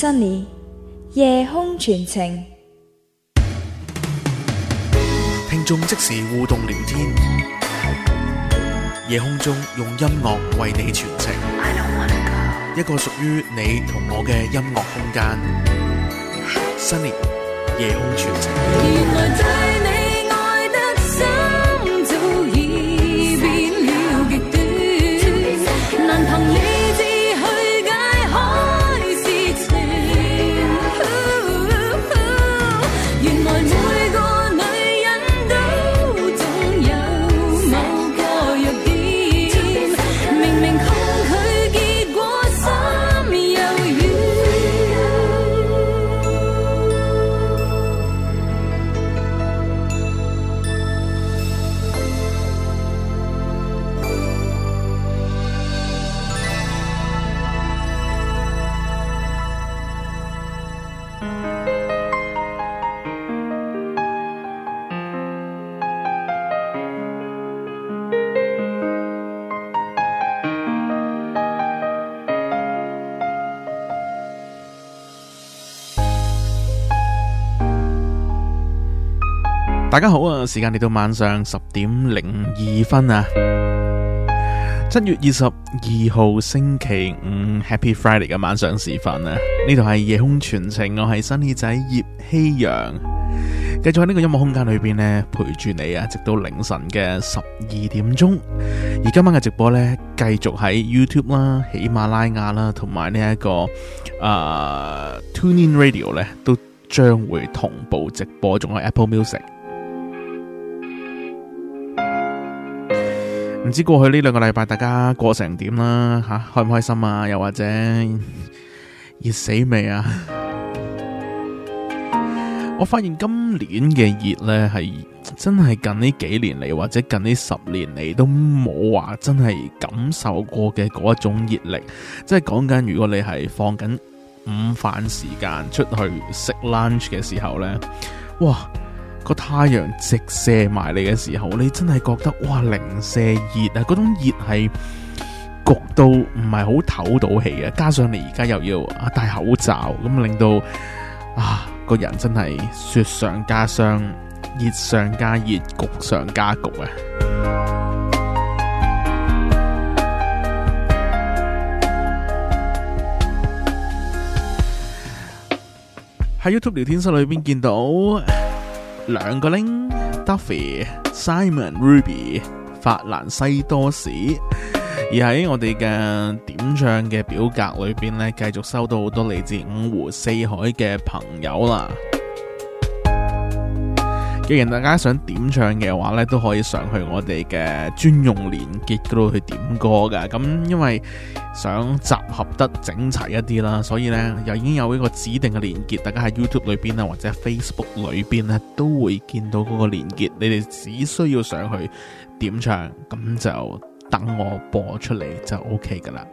Sunny 夜空傳情，聽眾即時互動聊天，夜空中用音樂為你傳情，一個屬於你同我嘅音樂空間。Sunny 夜空傳情。大家好啊！時間嚟到晚上十點零二分啊，七月二十二號星期五 Happy Friday 嘅晚上時分啊，呢度係夜空傳情，我係 Sunny 仔葉希陽，繼續喺呢個音樂空間裏邊呢，陪住你啊，直到凌晨嘅十二點鐘。而今晚嘅直播呢，繼續喺 YouTube 啦、喜馬拉雅啦，同埋呢一個啊、呃、Tune In Radio 呢，都將會同步直播，仲有 Apple Music。唔知過去呢兩個禮拜大家過成點啦？吓，開唔開心啊？又或者熱 死未啊？ 我發現今年嘅熱呢，係真係近呢幾年嚟，或者近呢十年嚟，都冇話真係感受過嘅嗰一種熱力。即係講緊，如果你係放緊午飯時間出去食 lunch 嘅時候呢。哇！個太陽直射埋嚟嘅時候，你真係覺得哇，零舍熱啊！嗰種熱係焗到唔係好透到氣嘅，加上你而家又要啊戴口罩，咁令到啊個人真係雪上加霜，熱上加熱，焗上加焗啊！喺 YouTube 聊天室裏邊見到。兩個令，Duffy、Simon、Ruby、法蘭西多士，而喺我哋嘅點唱嘅表格裏邊呢，繼續收到好多嚟自五湖四海嘅朋友啦。既然大家想點唱嘅話呢，都可以上去我哋嘅專用連結度去點歌嘅。咁因為想集合得整齊一啲啦，所以呢，又已經有一個指定嘅連結，大家喺 YouTube 裏邊啊或者 Facebook 裏邊呢，都會見到嗰個連結。你哋只需要上去點唱，咁就等我播出嚟就 OK 噶啦。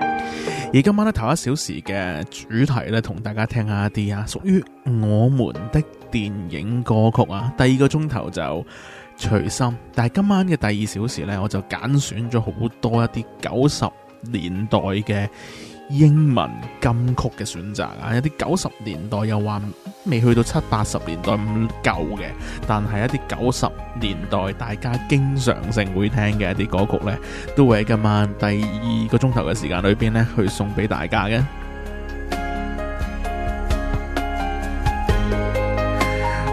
而今晚呢頭一小時嘅主題呢，同大家聽下一啲啊屬於我們的電影歌曲啊。第二個鐘頭就隨心，但係今晚嘅第二小時呢，我就揀選咗好多一啲九十年代嘅。英文金曲嘅選擇啊，一啲九十年代又話未去到七八十年代唔夠嘅，但係一啲九十年代大家經常性會聽嘅一啲歌曲呢，都會喺今晚第二個鐘頭嘅時間裏邊呢去送俾大家嘅。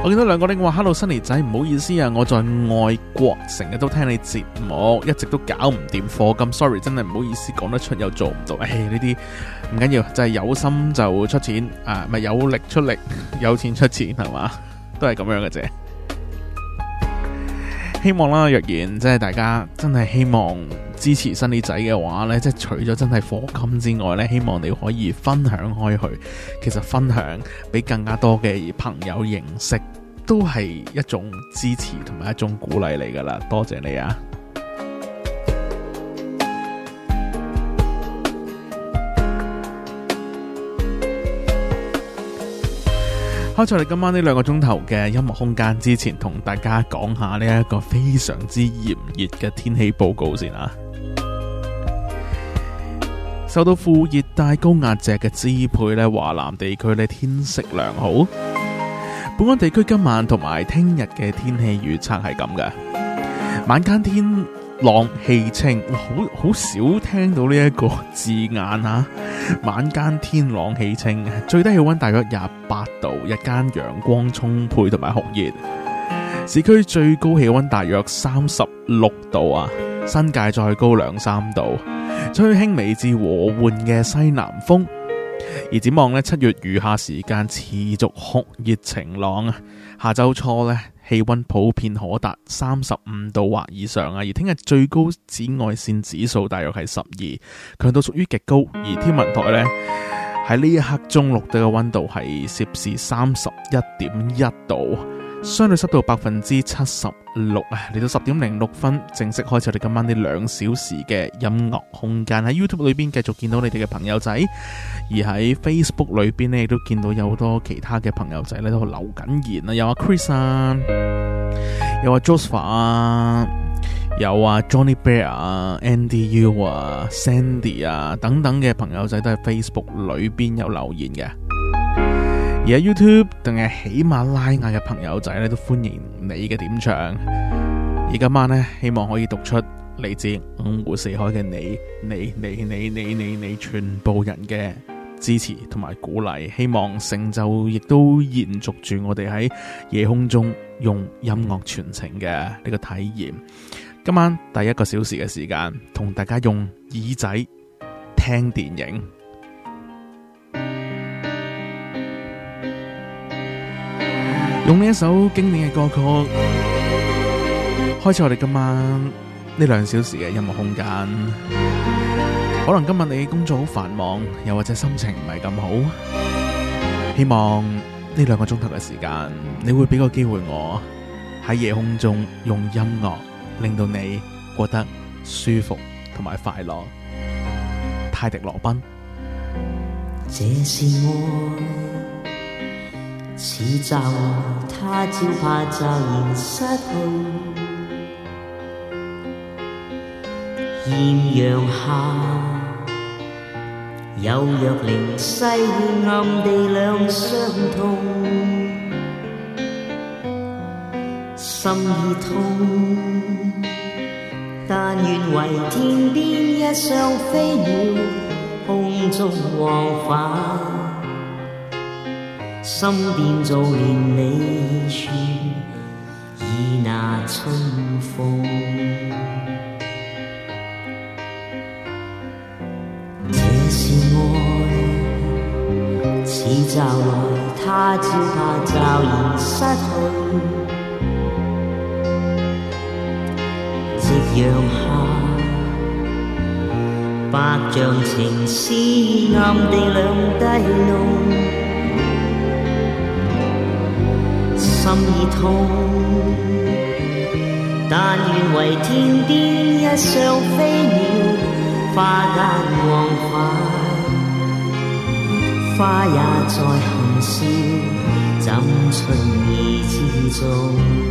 我見到兩個呢，我話 hello Sunny 仔，唔好意思啊，我在外國，成日都聽你節目，一直都搞唔掂課金，sorry，真係唔好意思講得出又做唔到，唉，呢啲唔緊要，就係、是、有心就出錢，啊咪，有力出力，有錢出錢，係嘛，都係咁樣嘅啫。希望啦，若然即係大家真係希望支持新李仔嘅話呢，即係除咗真係火金之外呢，希望你可以分享開去。其實分享俾更加多嘅朋友認識，都係一種支持同埋一種鼓勵嚟噶啦。多謝你啊！我哋今晚呢兩個鐘頭嘅音樂空間之前，同大家講下呢一個非常之炎熱嘅天氣報告先啊！受到副熱帶高壓脊嘅支配呢，華南地區呢天色良好。本港地區今晚同埋聽日嘅天氣預測係咁嘅，晚間天朗氣清，好好少聽到呢一個字眼啊！晚間天朗氣清，最低氣温大約廿八度，日間陽光充沛同埋酷熱，市區最高氣温大約三十六度啊，新界再高兩三度，吹輕微至和緩嘅西南風，而展望咧七月餘下時間持續酷熱晴朗啊，下周初咧。氣溫普遍可達三十五度或以上啊，而聽日最高紫外線指數大約係十二，強度屬於極高。而天文台呢，喺呢一刻中錄得嘅温度係攝氏三十一點一度。相對濕度百分之七十六，嚟到十點零六分，正式開始我哋今晚呢兩小時嘅音樂空間。喺 YouTube 裏邊繼續見到你哋嘅朋友仔，而喺 Facebook 裏邊呢亦都見到有好多其他嘅朋友仔咧都留緊言啊！有阿 Chris 啊，有阿 Joseph 啊，有阿 Johnny Bear 啊，Andy U 啊，Sandy 啊等等嘅朋友仔都喺 Facebook 裏邊有留言嘅。而喺 YouTube 定係喜馬拉雅嘅朋友仔咧，都歡迎你嘅點唱。而今晚咧，希望可以讀出嚟自五湖四海嘅你、你、你、你、你、你、你、你、你，全部人嘅支持同埋鼓勵。希望成就亦都延續住我哋喺夜空中用音樂傳情嘅呢個體驗。今晚第一個小時嘅時間，同大家用耳仔聽電影。用呢一首經典嘅歌曲，開始我哋今晚呢兩小時嘅音樂空間。可能今日你工作好繁忙，又或者心情唔係咁好，希望呢兩個鐘頭嘅時間，你會俾個機會我喺夜空中用音樂令到你覺得舒服同埋快樂。泰迪羅賓，這是愛。似驟，他朝怕驟然失去。艷陽下，有若靈犀暗地兩相通。心已痛，但願為天邊一雙飛鳥，空中往返。心變做連理樹，倚那春風。這是愛，似驟來，他朝怕驟然失去。夕陽下，百丈情絲暗地兩低弄。心已痛，但願為天邊一雙飛鳥，花間往返，花也在含笑，怎春意之中？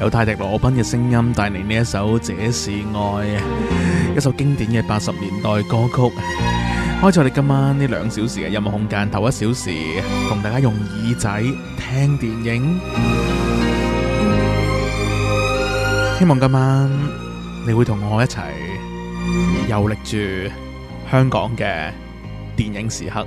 有泰迪羅賓嘅聲音帶嚟呢一首《這是愛》，一首經典嘅八十年代歌曲。開咗你今晚呢兩小時嘅音樂空間，頭一小時同大家用耳仔聽電影。希望今晚你會同我一齊遊歷住香港嘅電影時刻。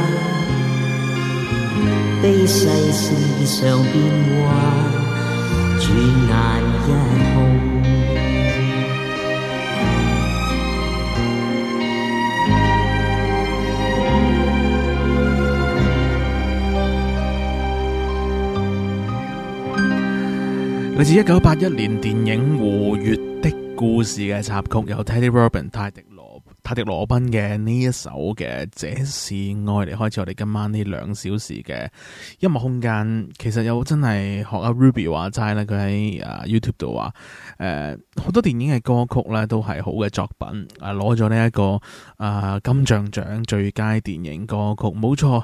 悲世事常變幻，轉眼一空。來自一九八一年電影《胡月的故事》嘅插曲，由 Teddy Robin t 泰迪。阿、啊、迪羅賓嘅呢一首嘅這是愛嚟開始，我哋今晚呢兩小時嘅音樂空間，其實有真係學阿 Ruby 話齋啦，佢喺啊 YouTube 度話，誒、呃、好多電影嘅歌曲咧都係好嘅作品，啊攞咗呢一個啊金像獎最佳電影歌曲，冇錯，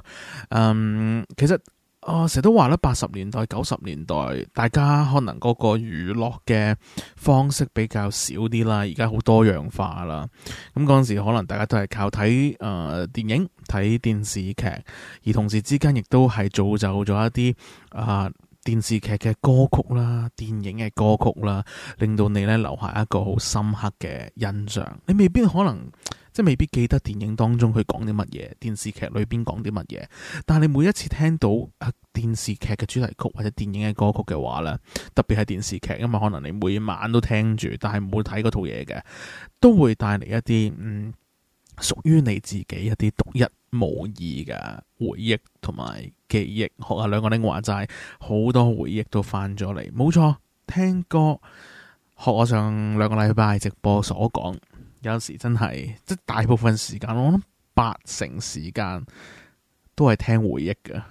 嗯，其實。啊！成日、呃、都話啦，八十年代、九十年代，大家可能嗰個娛樂嘅方式比較少啲啦，而家好多元化啦。咁嗰陣時，可能大家都係靠睇誒、呃、電影、睇電視劇，而同時之間亦都係造就咗一啲啊、呃、電視劇嘅歌曲啦、電影嘅歌曲啦，令到你呢留下一個好深刻嘅印象。你未必可能。即未必記得電影當中佢講啲乜嘢，電視劇裏邊講啲乜嘢。但係你每一次聽到誒電視劇嘅主題曲或者電影嘅歌曲嘅話咧，特別係電視劇，因為可能你每晚都聽住，但係唔會睇嗰套嘢嘅，都會帶嚟一啲嗯屬於你自己一啲獨一無二嘅回憶同埋記憶。學下兩個拎話齋好多回憶都翻咗嚟，冇錯。聽歌學我上兩個禮拜直播所講。有陣時真係，即大部分時間，我諗八成時間都係聽回憶噶。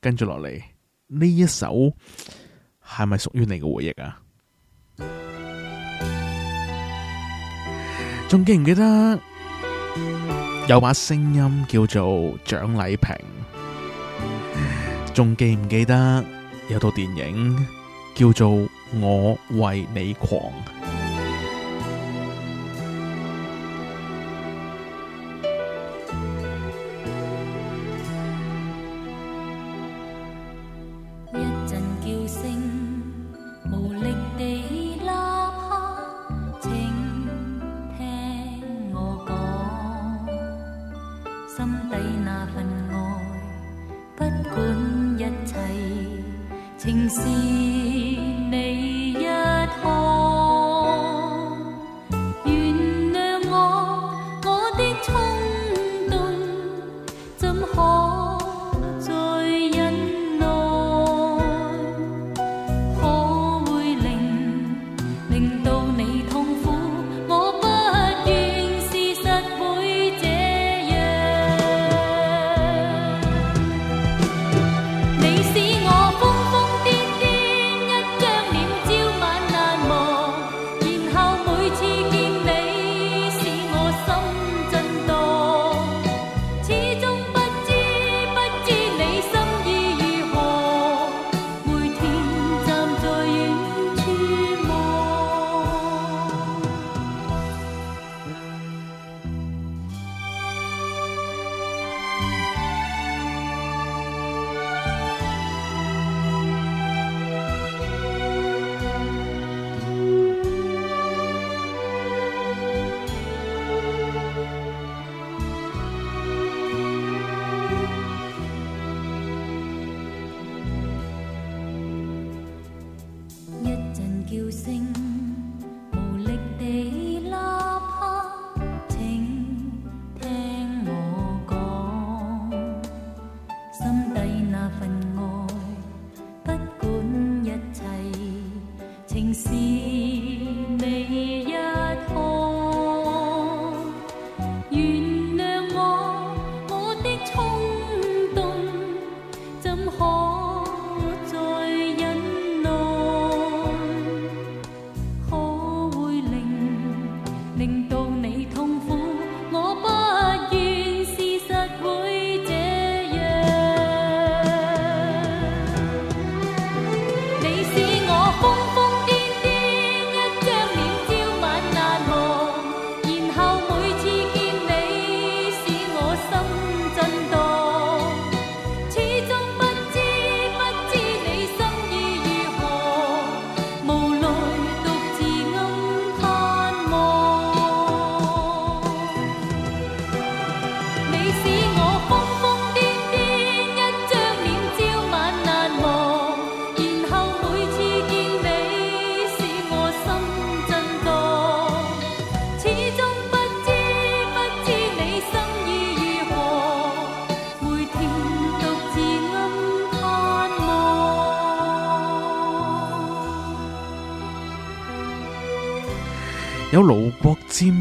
跟住落嚟呢一首係咪屬於你嘅回憶啊？仲 記唔記得有把聲音叫做蔣麗萍。仲記唔記得有套電影叫做《我為你狂》？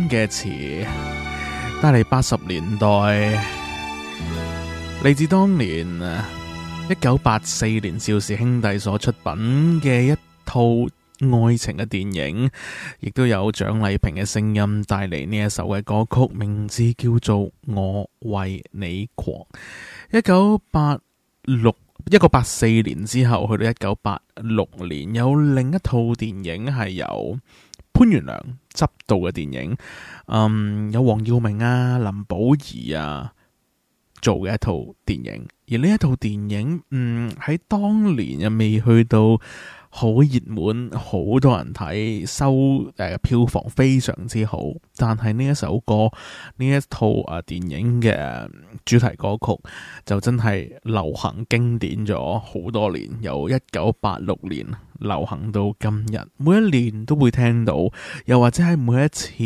嘅詞帶嚟八十年代，嚟自當年一九八四年邵氏兄弟所出品嘅一套愛情嘅電影，亦都有蔣麗萍嘅聲音帶嚟呢一首嘅歌曲，名字叫做《我為你狂》。一九八六一個八四年之後去到一九八六年，有另一套電影係由。潘元良執導嘅電影，嗯，有黃耀明啊、林保怡啊做嘅一套電影，而呢一套電影，嗯，喺當年又未去到。好熱門，好多人睇，收誒票房非常之好。但係呢一首歌，呢一套啊電影嘅主題歌曲，就真係流行經典咗好多年，由一九八六年流行到今日，每一年都會聽到，又或者喺每一次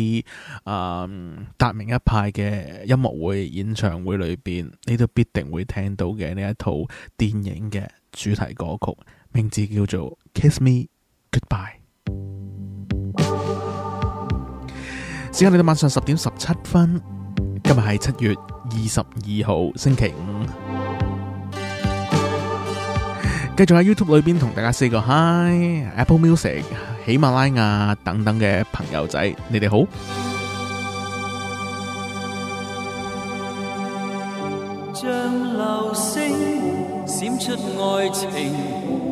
啊達明一派嘅音樂會演唱會裏邊，你都必定會聽到嘅呢一套電影嘅主題歌曲。名字叫做 Kiss Me Goodbye。時間嚟到晚上十點十七分，今日係七月二十二號星期五，繼續喺 YouTube 裏邊同大家 say 個 Hi Apple Music、喜馬拉雅等等嘅朋友仔，你哋好。像流星閃出愛情。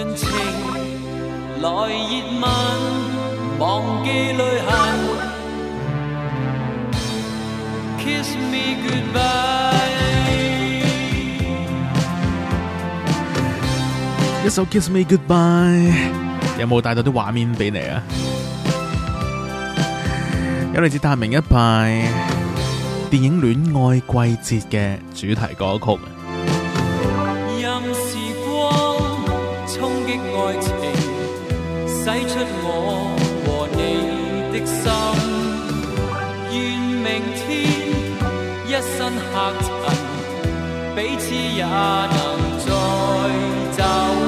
一首 kiss me goodbye，有冇帶到啲畫面俾你啊？有嚟自達明一派電影《戀愛季節》嘅主題歌曲。洗出我和你的心，願明天一身黑塵，彼此也能再走。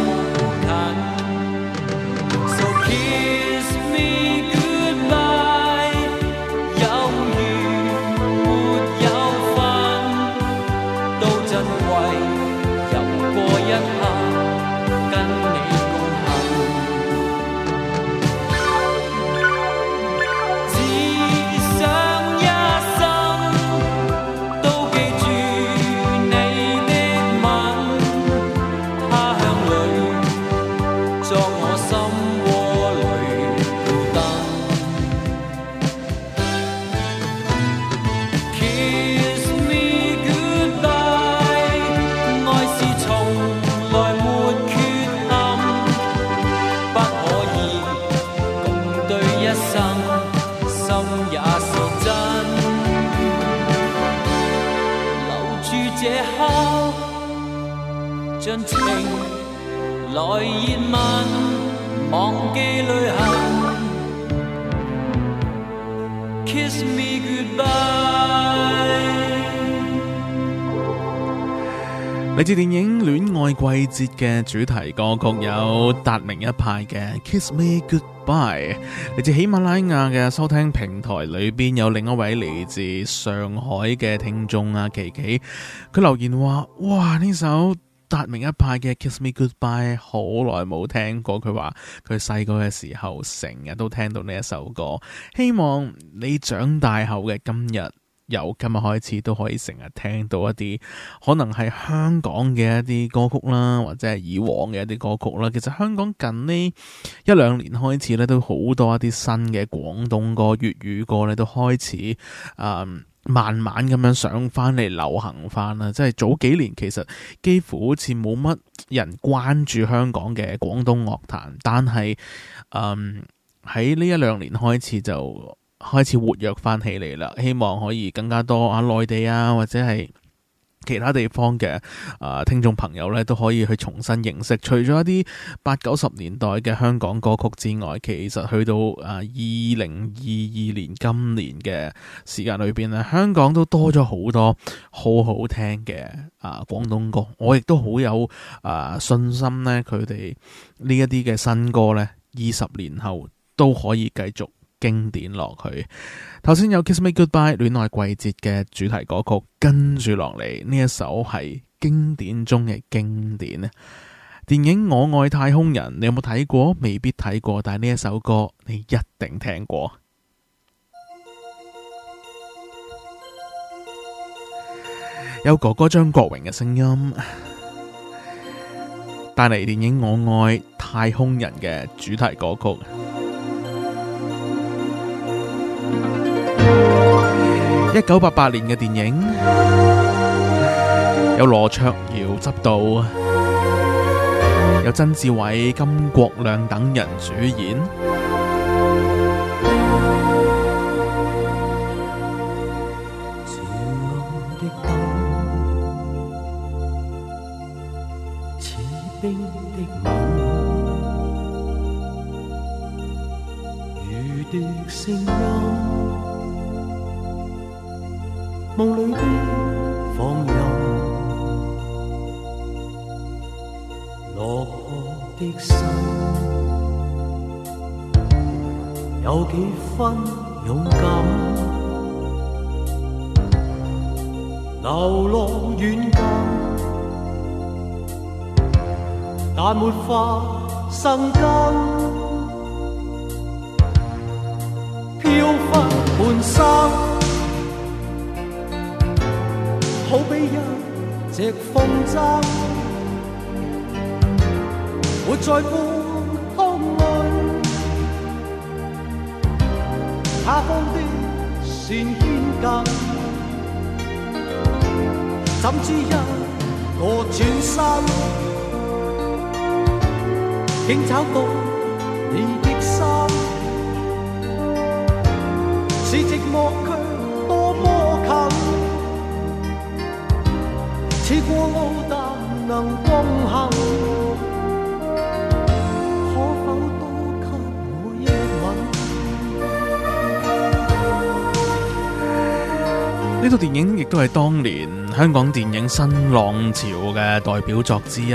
嚟自電影《戀愛季節》嘅主題歌曲有達明一派嘅《Kiss Me Goodbye》，嚟自喜馬拉雅嘅收聽平台裏面有另一位嚟自上海嘅聽眾阿琪琪，佢留言話：哇，呢首達明一派嘅《Kiss Me Goodbye》好耐冇聽過，佢話佢細個嘅時候成日都聽到呢一首歌，希望你長大後嘅今日。由今日開始都可以成日聽到一啲可能係香港嘅一啲歌曲啦，或者係以往嘅一啲歌曲啦。其實香港近呢一兩年開始咧，都好多一啲新嘅廣東歌、粵語歌咧，都開始誒、嗯、慢慢咁樣上翻嚟流行翻啦。即係早幾年其實幾乎好似冇乜人關注香港嘅廣東樂壇，但係誒喺呢一兩年開始就。開始活躍翻起嚟啦！希望可以更加多啊，內地啊，或者係其他地方嘅啊、呃、聽眾朋友咧，都可以去重新認識。除咗一啲八九十年代嘅香港歌曲之外，其實去到啊二零二二年今年嘅時間裏邊咧，香港都多咗好多好好聽嘅啊、呃、廣東歌。我亦都好有啊、呃、信心咧，佢哋呢一啲嘅新歌咧，二十年後都可以繼續。經典落去，頭先有《Kiss Me Goodbye》戀愛季節嘅主題歌曲，跟住落嚟，呢一首係經典中嘅經典。電影《我愛太空人》，你有冇睇過？未必睇過，但係呢一首歌你一定聽過。有哥哥張國榮嘅聲音，帶嚟電影《我愛太空人》嘅主題歌曲。一九八八年嘅電影，有羅卓瑤執導，有曾志偉、金國亮等人主演。香港電影新浪潮嘅代表作之一。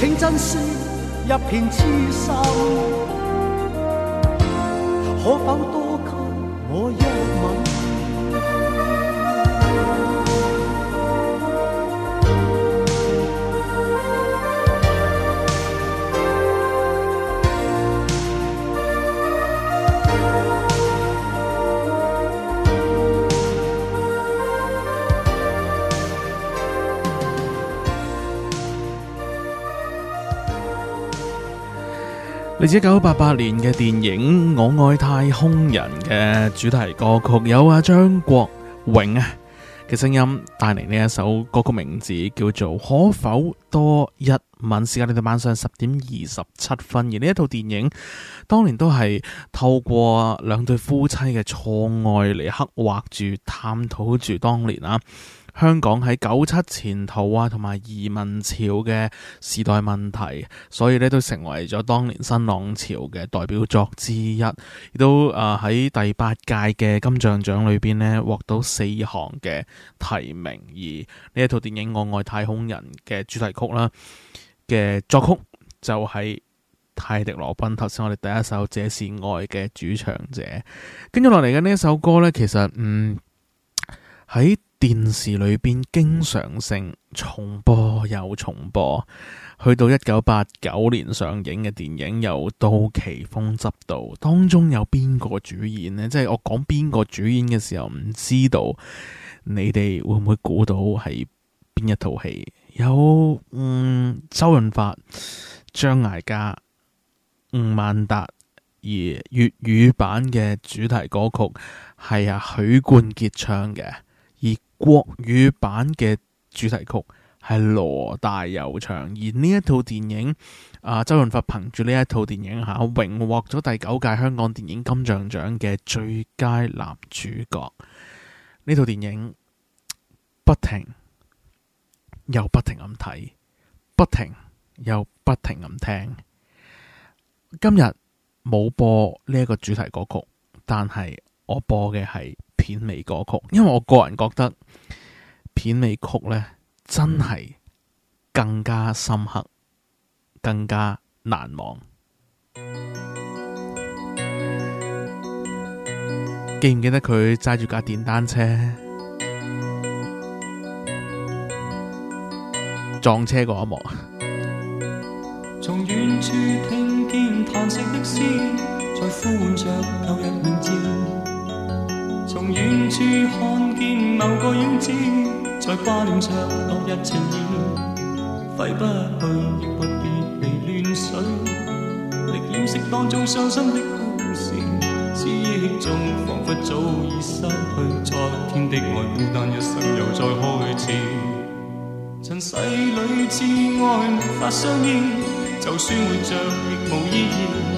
請珍惜一片痴心，可否多？嚟自一九八八年嘅電影《我愛太空人》嘅主題歌曲，有阿、啊、張國榮啊嘅聲音帶嚟呢一首歌曲，名字叫做《可否多一吻》，時間你哋晚上十點二十七分。而呢一套電影當年都係透過兩對夫妻嘅錯愛嚟刻畫住、探討住當年啊。香港喺九七前途啊，同埋移民潮嘅時代問題，所以咧都成為咗當年新浪潮嘅代表作之一，亦都啊喺第八屆嘅金像獎裏邊咧獲到四項嘅提名，而呢一套電影《我愛太空人》嘅主題曲啦嘅作曲就係泰迪羅賓。頭先我哋第一首《這是愛》嘅主唱者，跟住落嚟嘅呢一首歌咧，其實嗯喺。電視裏邊經常性重播又重播，去到一九八九年上映嘅電影又到杜琪峯執導，當中有邊個主演呢？即係我講邊個主演嘅時候，唔知道你哋會唔會估到係邊一套戲？有嗯，周潤發、張艾嘉、吳孟達，而粵語版嘅主題歌曲係啊，許冠傑唱嘅。國語版嘅主題曲係羅大佑唱，而呢一套電影，啊，周潤發憑住呢一套電影下，榮獲咗第九屆香港電影金像獎嘅最佳男主角。呢套電影不停又不停咁睇，不停又不停咁聽。今日冇播呢一個主題歌曲，但係。我播嘅係片尾歌曲，因為我個人覺得片尾曲呢真係更加深刻，更加難忘。記唔記得佢揸住架電單車撞車嗰一幕，從遠處聽見嘆息的詩再呼喚着舊日，啊？從遠處看見某個影子，在掛念着落日情意揮不去，亦不別離亂緒，力掩飾當中傷心的故事，思憶中仿佛早已失去昨天的愛，孤單一生又再開始，塵世裡摯愛沒法相依，就算活着亦無意義。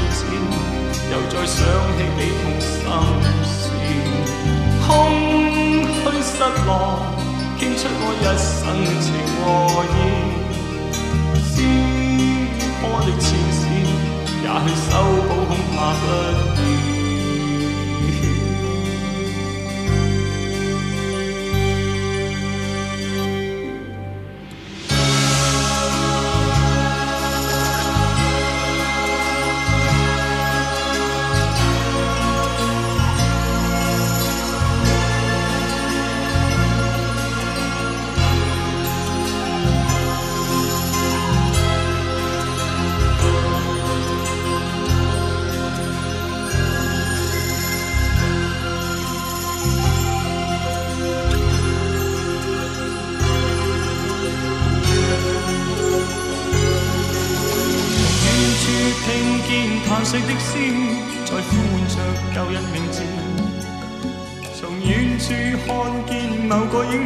又再想起幾痛心事，空 虛失落，傾出我一身情和意，撕破的前事，也許修補恐怕不易。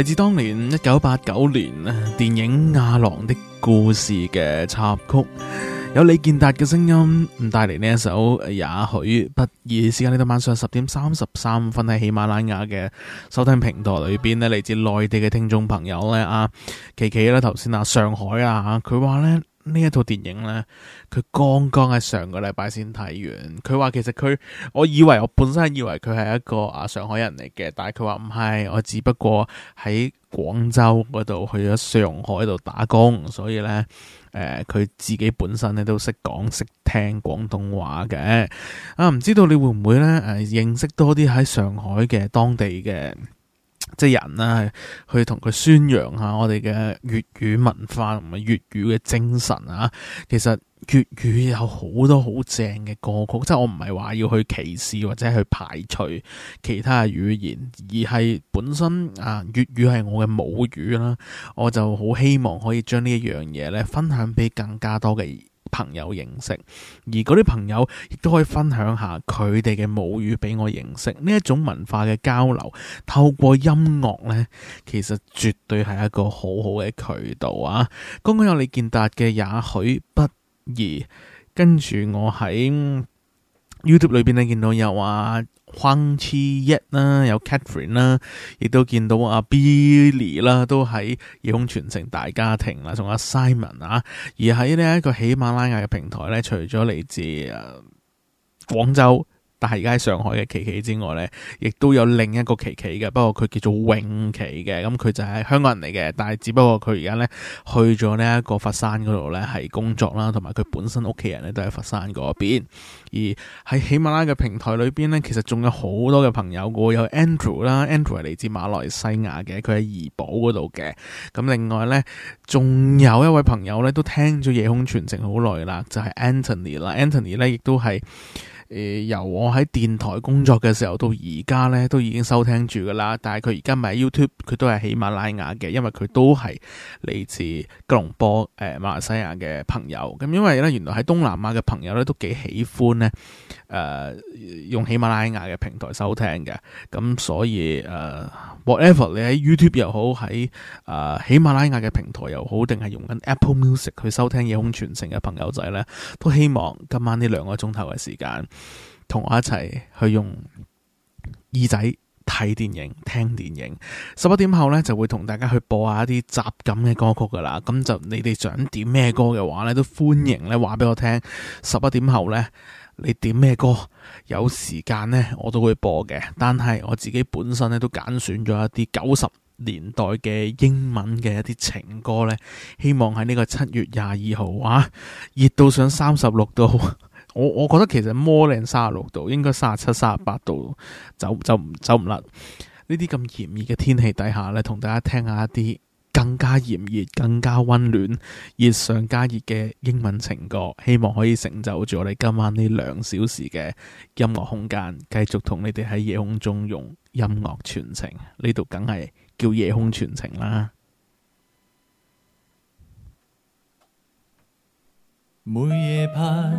嚟自當年一九八九年電影《阿郎的故事》嘅插曲，有李健達嘅聲音帶嚟呢一首，也許不易。時間呢到、這個、晚上十點三十三分喺喜馬拉雅嘅收聽平台裏邊咧，嚟自內地嘅聽眾朋友呢啊，琪琪呢頭先啊上海啊，佢話呢。呢一套電影呢，佢剛剛喺上個禮拜先睇完。佢話其實佢，我以為我本身以為佢係一個啊上海人嚟嘅，但係佢話唔係，我只不過喺廣州嗰度去咗上海度打工，所以呢，誒、呃，佢自己本身咧都識講識聽廣東話嘅。啊，唔知道你會唔會呢誒、啊，認識多啲喺上海嘅當地嘅？即係人啊，去同佢宣揚下我哋嘅粵語文化同埋粵語嘅精神啊！其實粵語有好多好正嘅歌曲，即係我唔係話要去歧視或者去排除其他嘅語言，而係本身啊，粵語係我嘅母語啦，我就好希望可以將呢一樣嘢咧分享俾更加多嘅。朋友認識，而嗰啲朋友亦都可以分享下佢哋嘅母語俾我認識，呢一種文化嘅交流。透過音樂呢，其實絕對係一個好好嘅渠道啊！剛剛有李健達嘅，也許不易。跟住我喺 YouTube 裏邊呢，見到有啊。Morally, exactly、and and 黃之億啦，有 Catherine 啦，亦都見到阿 Billy 啦，都喺夜空傳情大家庭啦，仲有 Simon 啊，而喺呢一個喜馬拉雅嘅平台咧，除咗嚟自啊廣州。但係而家喺上海嘅琪琪之外呢，亦都有另一個琪琪嘅，不過佢叫做永琪嘅，咁、嗯、佢就係香港人嚟嘅，但係只不過佢而家呢，去咗呢一個佛山嗰度呢，係工作啦，同埋佢本身屋企人呢，都喺佛山嗰邊。而喺喜馬拉雅嘅平台裏邊呢，其實仲有好多嘅朋友喎，有 Andrew 啦，Andrew 係嚟自馬來西亞嘅，佢喺怡寶嗰度嘅。咁、嗯、另外呢，仲有一位朋友呢，都聽咗夜空傳情》好、就、耐、是、啦，就係 Anthony 啦，Anthony 呢，亦都係。誒、呃、由我喺電台工作嘅時候到而家咧，都已經收聽住㗎喇。但係佢而家咪喺 YouTube，佢都係喜馬拉雅嘅，因為佢都係嚟自吉隆坡誒、呃、馬來西亞嘅朋友。咁、嗯、因為咧，原來喺東南亞嘅朋友咧，都幾喜歡咧誒、呃、用喜馬拉雅嘅平台收聽嘅。咁、嗯、所以誒、呃、whatever 你喺 YouTube 又好，喺誒、呃、喜馬拉雅嘅平台又好，定係用緊 Apple Music 去收聽夜空傳情嘅朋友仔咧，都希望今晚呢兩個鐘頭嘅時間。同我一齊去用耳仔睇電影、聽電影。十一點後呢，就會同大家去播下一啲雜錦嘅歌曲噶啦。咁就你哋想點咩歌嘅話呢，都歡迎呢話俾我聽。十一點後呢，你點咩歌有時間呢，我都會播嘅。但係我自己本身呢，都揀選咗一啲九十年代嘅英文嘅一啲情歌呢。希望喺呢個七月廿二號啊，熱到上三十六度。 我我覺得其實摩靚三十六度，應該三十七、三十八度走就走唔甩呢啲咁炎熱嘅天氣底下，呢同大家聽下一啲更加炎熱、更加溫暖、熱上加熱嘅英文情歌，希望可以成就住我哋今晚呢兩小時嘅音樂空間，繼續同你哋喺夜空中用音樂傳情。呢度梗係叫夜空傳情啦，每夜拍。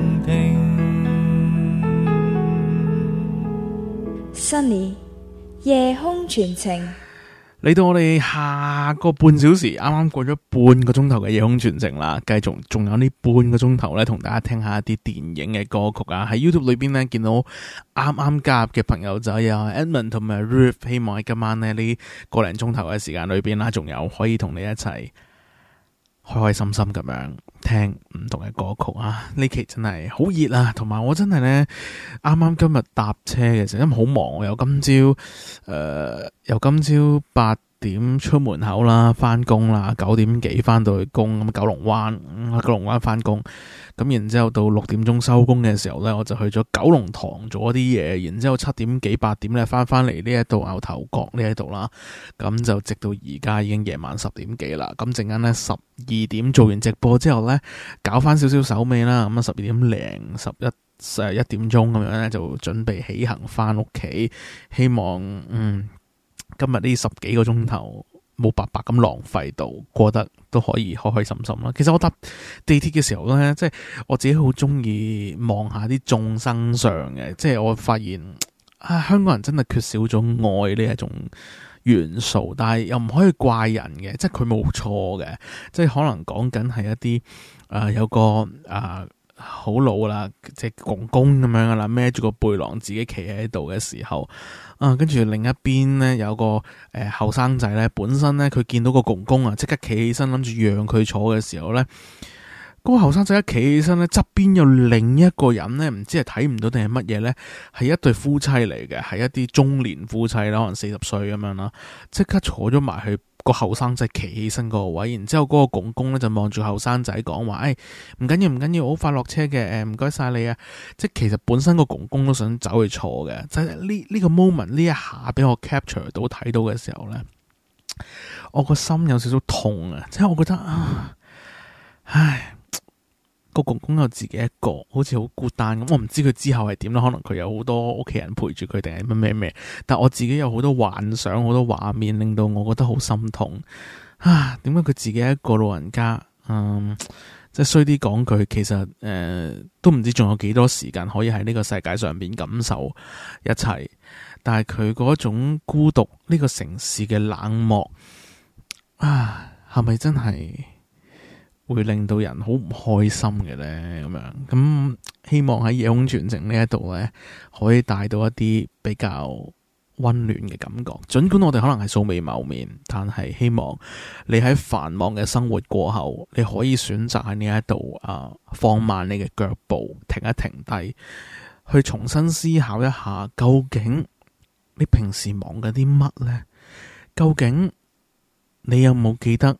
Sunny，夜空全程，嚟到我哋下個半小時，啱啱過咗半個鐘頭嘅夜空全程啦。繼續，仲有呢半個鐘頭咧，同大家聽下一啲電影嘅歌曲啊。喺 YouTube 裏邊呢，見到啱啱加入嘅朋友仔啊 Edmond 同埋 Ruth，希望喺今晚呢，呢個零鐘頭嘅時間裏邊啦，仲有可以同你一齊。開開心心咁樣聽唔同嘅歌曲啊！呢期真係好熱啊，同埋我真係呢，啱啱今日搭車嘅時候，因為好忙，我由今朝誒，由、呃、今朝八點出門口啦，翻工啦，九點幾翻到去工咁，九龍灣，九龍灣翻工，咁然之後到六點鐘收工嘅時候呢，我就去咗九龍塘做一啲嘢，然之後七點幾八點咧翻返嚟呢一度牛頭角呢一度啦，咁就直到而家已經夜晚十點幾啦，咁陣間呢，十二點做完直播之後呢，搞翻少少手尾啦，咁啊十二點零十一十一點鐘咁樣呢，就準備起行翻屋企，希望嗯。今日呢十幾個鐘頭冇白白咁浪費到，過得都可以開開心心啦。其實我搭地鐵嘅時候咧，即係我自己好中意望下啲眾生相嘅，即係我發現啊，香港人真係缺少咗愛呢一種元素，但係又唔可以怪人嘅，即係佢冇錯嘅，即係可能講緊係一啲誒、呃，有個誒。呃好老啦，即係公公咁樣噶啦，孭住個背囊自己企喺度嘅時候，啊，跟住另一邊呢，有個誒後生仔呢。本身呢，佢見到個公公啊，即刻企起身諗住讓佢坐嘅時候呢，嗰、嗰個後生仔一企起身呢，側邊有另一個人呢。唔知係睇唔到定係乜嘢呢？係一對夫妻嚟嘅，係一啲中年夫妻啦，可能四十歲咁樣啦，即刻坐咗埋去。個後生仔企起身個位，然之後嗰個公公咧就望住後生仔講話，誒、哎，唔緊要，唔緊要，好快落車嘅，誒，唔該晒你啊！即係其實本身個公公都想走去坐嘅，就係呢呢個 moment 呢一下俾我 capture 到睇到嘅時候咧，我個心有少少痛啊！即係我覺得啊，唉。個公公有自己一個，好似好孤單咁。我唔知佢之後係點啦，可能佢有好多屋企人陪住佢、哋，定係乜乜乜。但我自己有好多幻想，好多畫面，令到我覺得好心痛啊！點解佢自己一個老人家，嗯，即係衰啲講佢，其實誒、呃、都唔知仲有幾多時間可以喺呢個世界上邊感受一切。但係佢嗰種孤獨，呢、呢個城市嘅冷漠啊，係咪真係？會令到人好唔開心嘅咧，咁樣，咁希望喺夜空傳情呢一度咧，可以帶到一啲比較溫暖嘅感覺。盡管我哋可能係素未謀面，但係希望你喺繁忙嘅生活過後，你可以選擇喺呢一度啊，放慢你嘅腳步，停一停低，去重新思考一下，究竟你平時忙緊啲乜咧？究竟你有冇記得？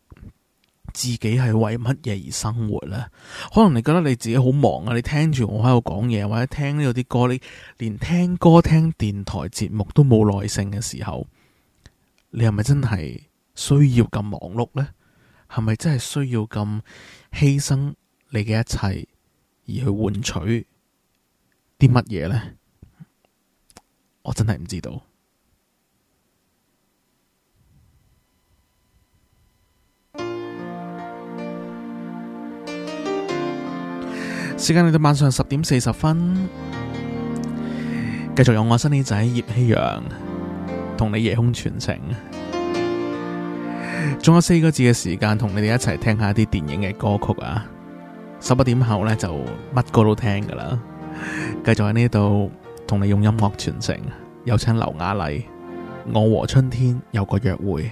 自己係為乜嘢而生活呢？可能你覺得你自己好忙啊，你聽住我喺度講嘢，或者聽呢度啲歌，你連聽歌、聽電台節目都冇耐性嘅時候，你係咪真係需要咁忙碌呢？係咪真係需要咁犧牲你嘅一切而去換取啲乜嘢呢？我真係唔知道。時間嚟到晚上十點四十分，繼續用我新體仔葉希揚同你夜空傳情。仲有四個字嘅時間同你哋一齊聽一下一啲電影嘅歌曲啊。十一點後呢，就乜歌都聽噶啦。繼續喺呢度同你用音樂傳情，有請劉雅麗。我和春天有個約會。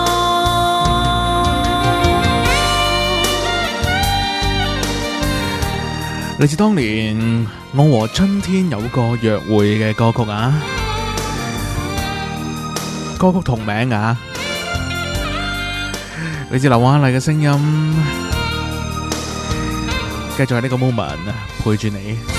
嚟自當年我和春天有個約會嘅歌曲啊，歌曲同名啊，嚟自劉雅麗嘅聲音，繼續喺呢個 moment 陪住你。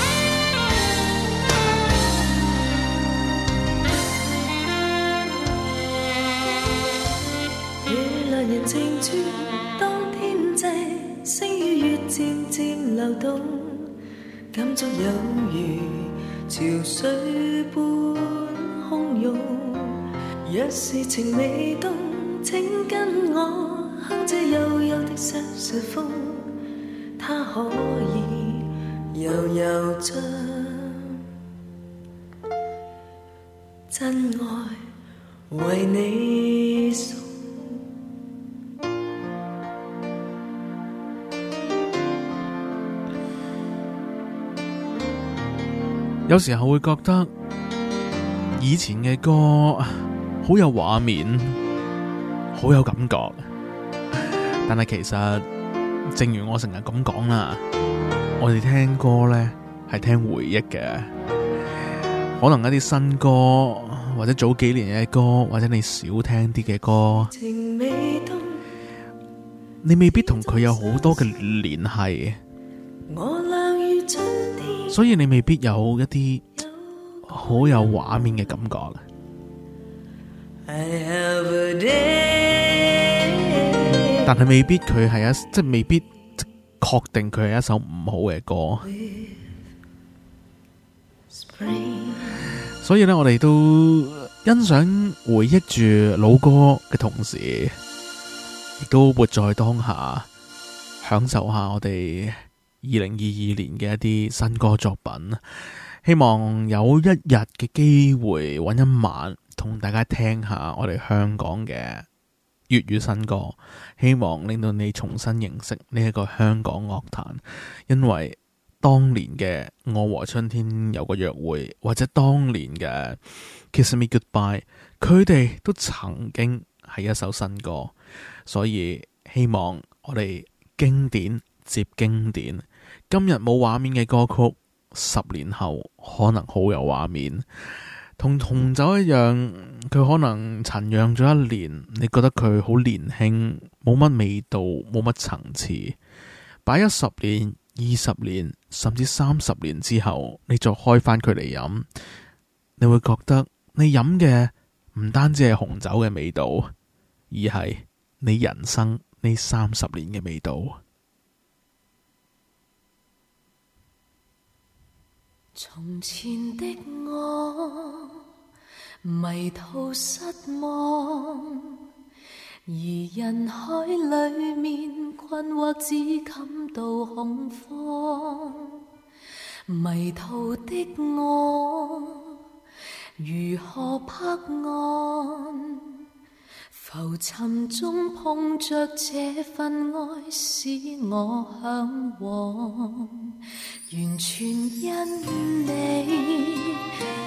情未凍，請跟我哼這幽幽的相思風，它可以悠悠唱，真愛為你送。有時候會覺得以前嘅歌。好有畫面，好有感覺。但係其實，正如我成日咁講啦，我哋聽歌呢係聽回憶嘅。可能一啲新歌，或者早幾年嘅歌，或者你少聽啲嘅歌，你未必同佢有好多嘅聯繫。所以你未必有一啲好有畫面嘅感覺。但係未必佢係一，即係未必確定佢係一首唔好嘅歌，With spring. 所以呢，我哋都欣賞回憶住老歌嘅同時，亦都活在當下，享受下我哋二零二二年嘅一啲新歌作品。希望有一日嘅機會，搵一晚。同大家聽下我哋香港嘅粵語新歌，希望令到你重新認識呢一個香港樂壇。因為當年嘅《我和春天有個約會》或者當年嘅《Kiss Me Goodbye》，佢哋都曾經係一首新歌，所以希望我哋經典接經典。今日冇畫面嘅歌曲，十年後可能好有畫面。同紅酒一樣，佢可能陳釀咗一年，你覺得佢好年輕，冇乜味道，冇乜層次。擺咗十年、二十年，甚至三十年之後，你再開返佢嚟飲，你會覺得你飲嘅唔單止係紅酒嘅味道，而係你人生呢三十年嘅味道。從前的我迷途失望，而人海裡面困惑，只感到恐慌。迷途的我如何泊岸？浮沉中碰着這份愛，使我向往。完全因你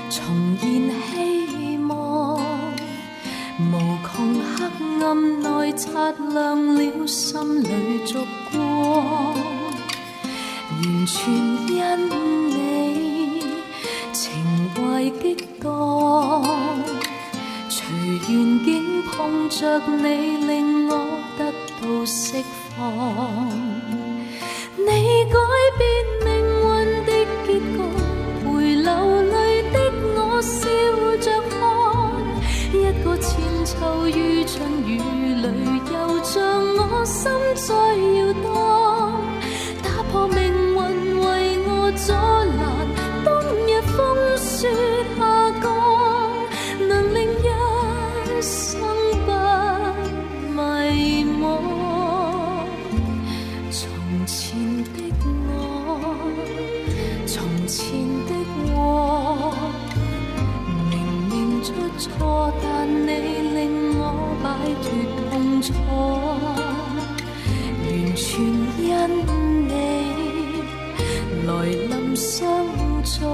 重現希望，無窮黑暗內擦亮了心裏燭光。完全因你情懷激蕩。如願景碰着你，令我得到釋放。你改變命運的結局，陪流淚的我笑着看。一個千秋於春雨裏，又像我心在搖蕩。打破命運為我阻攔，冬日風雪下。錯，但你令我擺脫痛楚，完全因你來臨相助，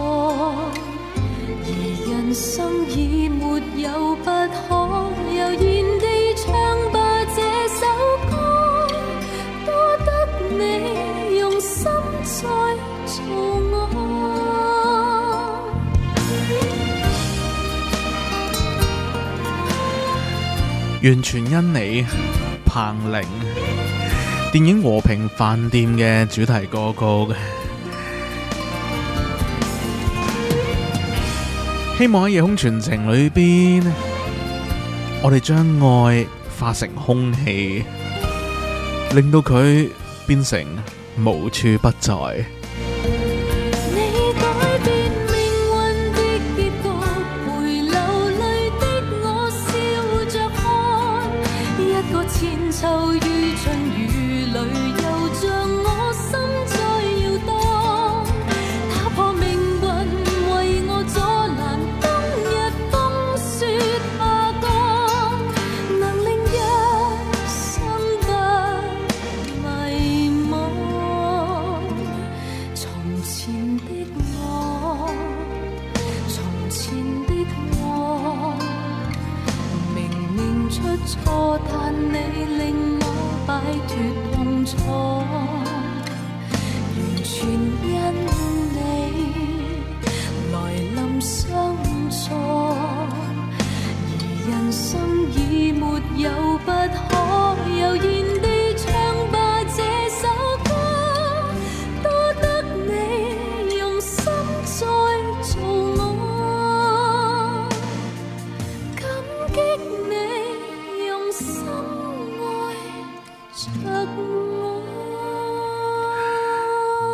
而人生已沒有不可。完全因你，彭羚，彭羚電影《和平飯店》嘅主題歌曲。希望喺夜空傳情裏邊，我哋將愛化成空氣，令到佢變成無處不在。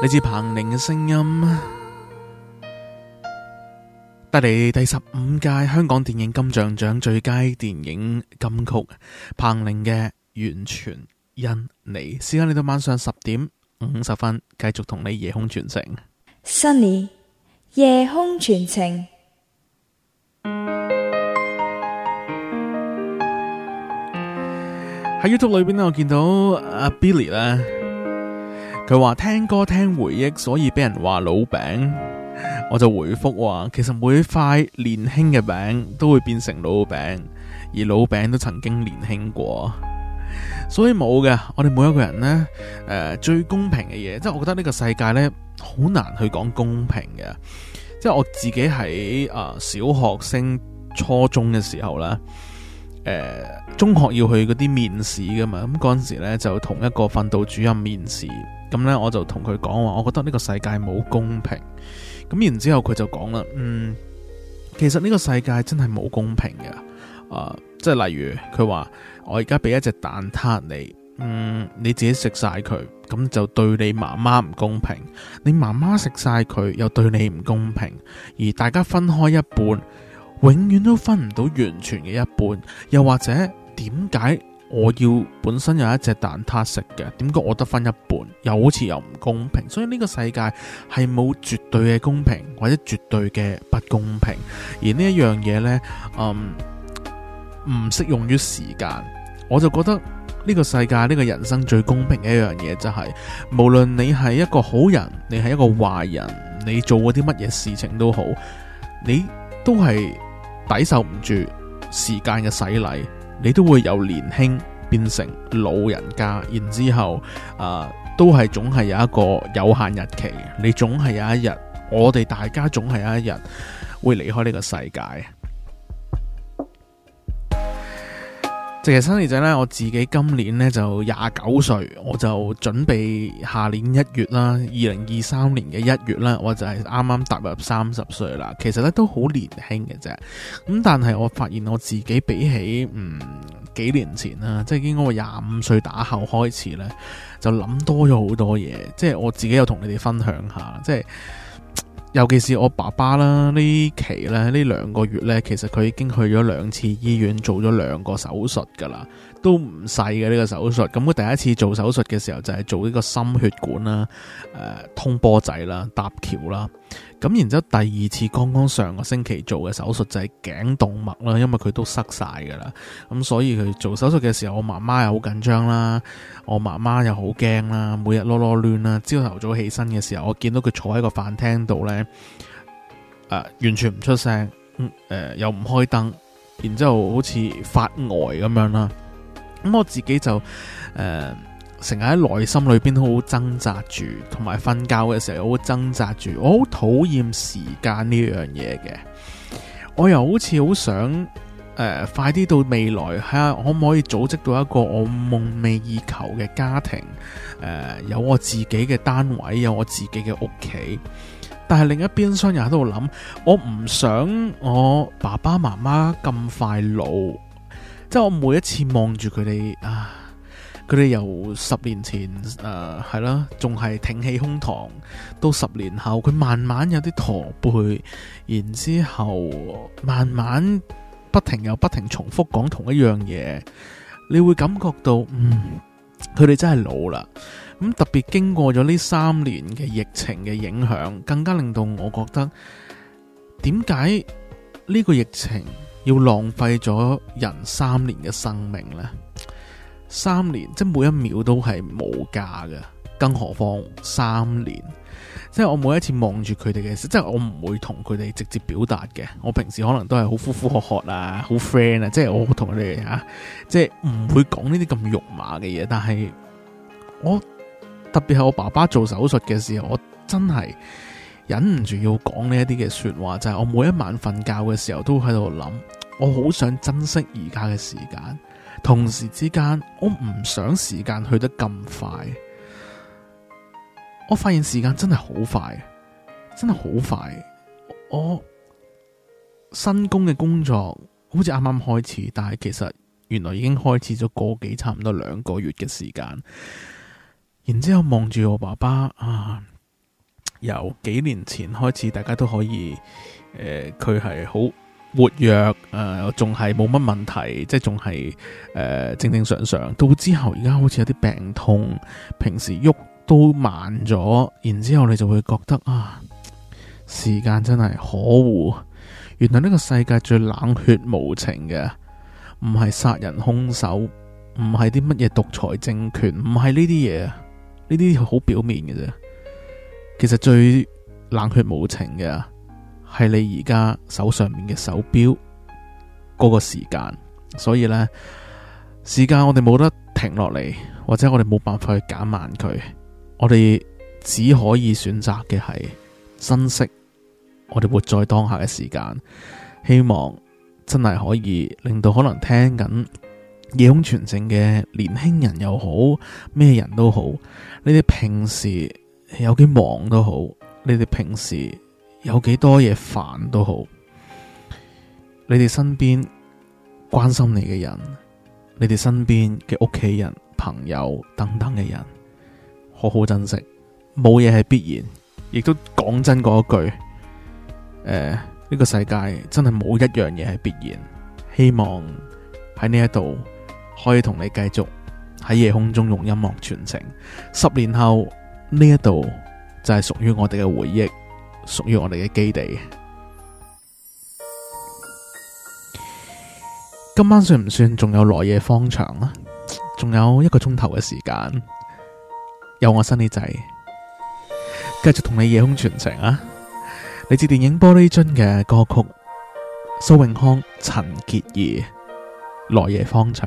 至彭羚嘅聲音，帶嚟第十五屆香港電影金像獎最佳電影金曲彭羚嘅《完全因你》。時間嚟到晚上十點五十分，繼續同你夜空傳情，Sunny，夜空傳情喺 YouTube 裏邊咧，我見到阿、啊、Billy 咧。佢話聽歌聽回憶，所以俾人話老餅。我就回覆話，其實每一塊年輕嘅餅都會變成老餅，而老餅都曾經年輕過，所以冇嘅。我哋每一個人呢，誒最公平嘅嘢，即係我覺得呢個世界呢，好難去講公平嘅。即係我自己喺誒小學升初中嘅時候咧。誒、呃，中學要去嗰啲面試㗎嘛？咁嗰陣時呢就同一個訓導主任面試，咁呢，我就同佢講話，我覺得呢個世界冇公平。咁然之後佢就講啦，嗯，其實呢個世界真係冇公平嘅。啊、呃，即係例如佢話我而家俾一隻蛋撻你，嗯，你自己食晒佢，咁就對你媽媽唔公平；你媽媽食晒佢又對你唔公平，而大家分開一半。永遠都分唔到完全嘅一半，又或者點解我要本身有一隻蛋撻食嘅，點解我得分一半，又好似又唔公平。所以呢個世界係冇絕對嘅公平或者絕對嘅不公平，而呢一樣嘢呢，嗯，唔適用於時間。我就覺得呢個世界呢個人生最公平嘅一樣嘢就係，無論你係一個好人，你係一個壞人，你做過啲乜嘢事情都好，你都係。抵受唔住時間嘅洗禮，你都會由年輕變成老人家，然之後啊，呃，都係總係有一個有限日期，你總係有一日，我哋大家總係有一日會離開呢個世界。其實生日仔呢，我自己今年呢就廿九歲，我就準備下年一月啦，二零二三年嘅一月啦，我就係啱啱踏入三十歲啦。其實呢都好年輕嘅啫，咁但係我發現我自己比起嗯、幾年前啦，即係應該我廿五歲打後開始呢，就諗多咗好多嘢。即係我自己有同你哋分享下，即係。尤其是我爸爸啦，呢期咧呢兩個月呢，其實佢已經去咗兩次醫院做咗兩個手術㗎喇，都唔細㗎呢個手術。咁佢第一次做手術嘅時候就係、是、做呢個心血管啦，誒、呃、通波仔啦，搭橋啦。咁然之後第二次，剛剛上個星期做嘅手術就係頸動脈啦，因為佢都塞晒噶啦，咁所以佢做手術嘅時候，我媽媽又好緊張啦，我媽媽又好驚啦，每日囉囉攣啦，朝頭早起身嘅時候，我見到佢坐喺個飯廳度呢，誒、呃，完全唔出聲，誒、呃，又唔開燈，然之後好似發呆咁樣啦，咁我自己就誒。呃成日喺內心裏邊好好掙扎住，同埋瞓覺嘅時候好掙扎住，我好討厭時間呢樣嘢嘅。我又好似好想誒、呃，快啲到未來睇下可唔可以組織到一個我夢寐以求嘅家庭，誒、呃，有我自己嘅單位，有我自己嘅屋企。但係另一邊廂又喺度諗，我唔想我爸爸媽媽咁快老，即係我每一次望住佢哋啊。佢哋由十年前誒、係啦，仲係挺起胸膛，到十年後佢慢慢有啲駝背，然之後慢慢不停又不停重複講同一樣嘢，你會感覺到嗯，佢哋真係老啦。咁特別經過咗呢三年嘅疫情嘅影響，更加令到我覺得，點解呢個疫情要浪費咗人三年嘅生命呢？三年，即係每一秒都係無價嘅，更何況三年。即係我每一次望住佢哋嘅時，即係我唔會同佢哋直接表達嘅。我平時可能都係好呼呼喝喝啊，好 friend 啊，即係我同佢哋吓，即係唔會講呢啲咁肉麻嘅嘢。但係我特別係我爸爸做手術嘅時候，我真係忍唔住要講呢一啲嘅說話，就係我每一晚瞓覺嘅時候都喺度諗，我好想珍惜而家嘅時間。同時之間，我唔想時間去得咁快。我發現時間真係好快，真係好快。我新工嘅工作好似啱啱開始，但係其實原來已經開始咗個幾差唔多兩個月嘅時間。然之後望住我爸爸啊，由幾年前開始，大家都可以，誒，佢係好。活躍誒，仲係冇乜問題，即係仲係誒正正常常。到之後而家好似有啲病痛，平時喐都慢咗，然之後你就會覺得啊，時間真係可惡。原來呢個世界最冷血無情嘅，唔係殺人兇手，唔係啲乜嘢獨裁政權，唔係呢啲嘢，呢啲好表面嘅啫。其實最冷血無情嘅。係你而家手上面嘅手錶嗰個時間，所以呢，時間我哋冇得停落嚟，或者我哋冇辦法去減慢佢，我哋只可以選擇嘅係珍惜我哋活在當下嘅時間。希望真係可以令到可能聽緊夜空傳情嘅年輕人又好，咩人都好，你哋平時有幾忙都好，你哋平時。有幾多嘢煩都好，你哋身邊關心你嘅人，你哋身邊嘅屋企人、朋友等等嘅人，好好珍惜。冇嘢係必然，亦都講真嗰一句，誒、呃，呢、這個世界真係冇一樣嘢係必然。希望喺呢一度可以同你繼續喺夜空中用音樂傳情。十年後呢一度就係屬於我哋嘅回憶。屬於我哋嘅基地。今晚算唔算仲有來夜方長啊？仲有一個鐘頭嘅時間，有我 Sunny 仔繼續同你夜空傳情啊！嚟自電影《玻璃樽》嘅歌曲，蘇永康、陳潔儀《來夜方長》。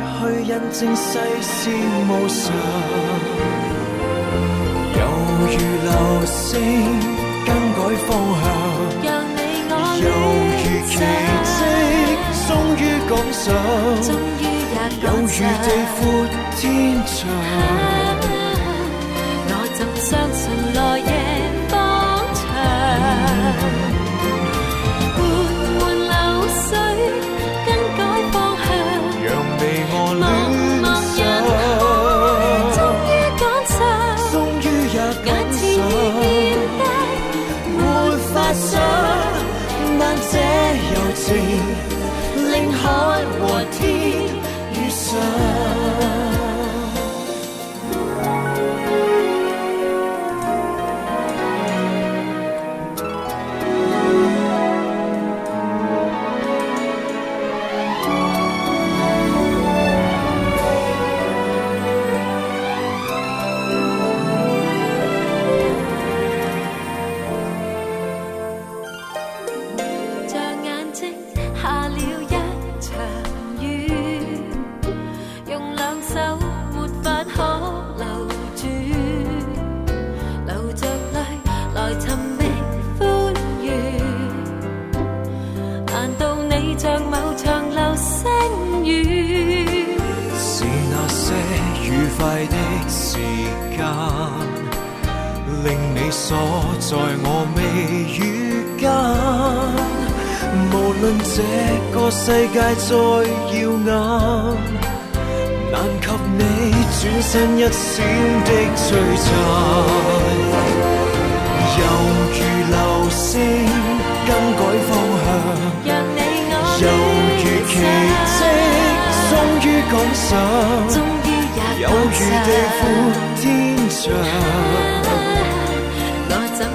去印證世事無常，猶如流星更改方向，讓你我猶如奇蹟終於趕上，猶如地闊天長。啊、我怎相信來日，在我眉宇間，無論這個世界再耀眼，難及你轉身一閃的璀璨。猶如流星更改方向，猶如奇蹟終於趕上，上猶如地闊天長。啊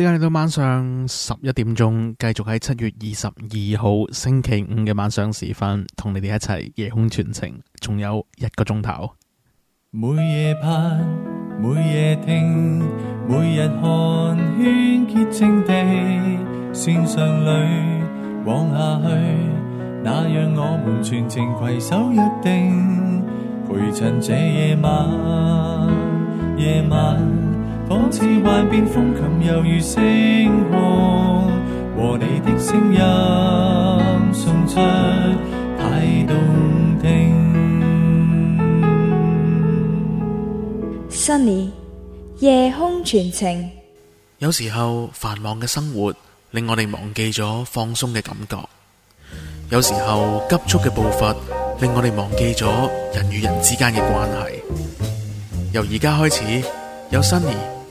時間嚟到晚上十一點鐘，繼續喺七月二十二號星期五嘅晚上時分，同你哋一齊夜空傳情，仲有一個鐘頭。每夜盼，每夜聽，每日看，圈潔淨地，線上里往下去，那讓我們全程攜手約定，陪襯這夜晚，夜晚。似幻變風琴，如星和你的聲音送出太動聽。Sunny 夜空傳情。有時候繁忙嘅生活令我哋忘記咗放鬆嘅感覺，有時候急促嘅步伐令我哋忘記咗人與人之間嘅關係。由而家開始，有 Sunny。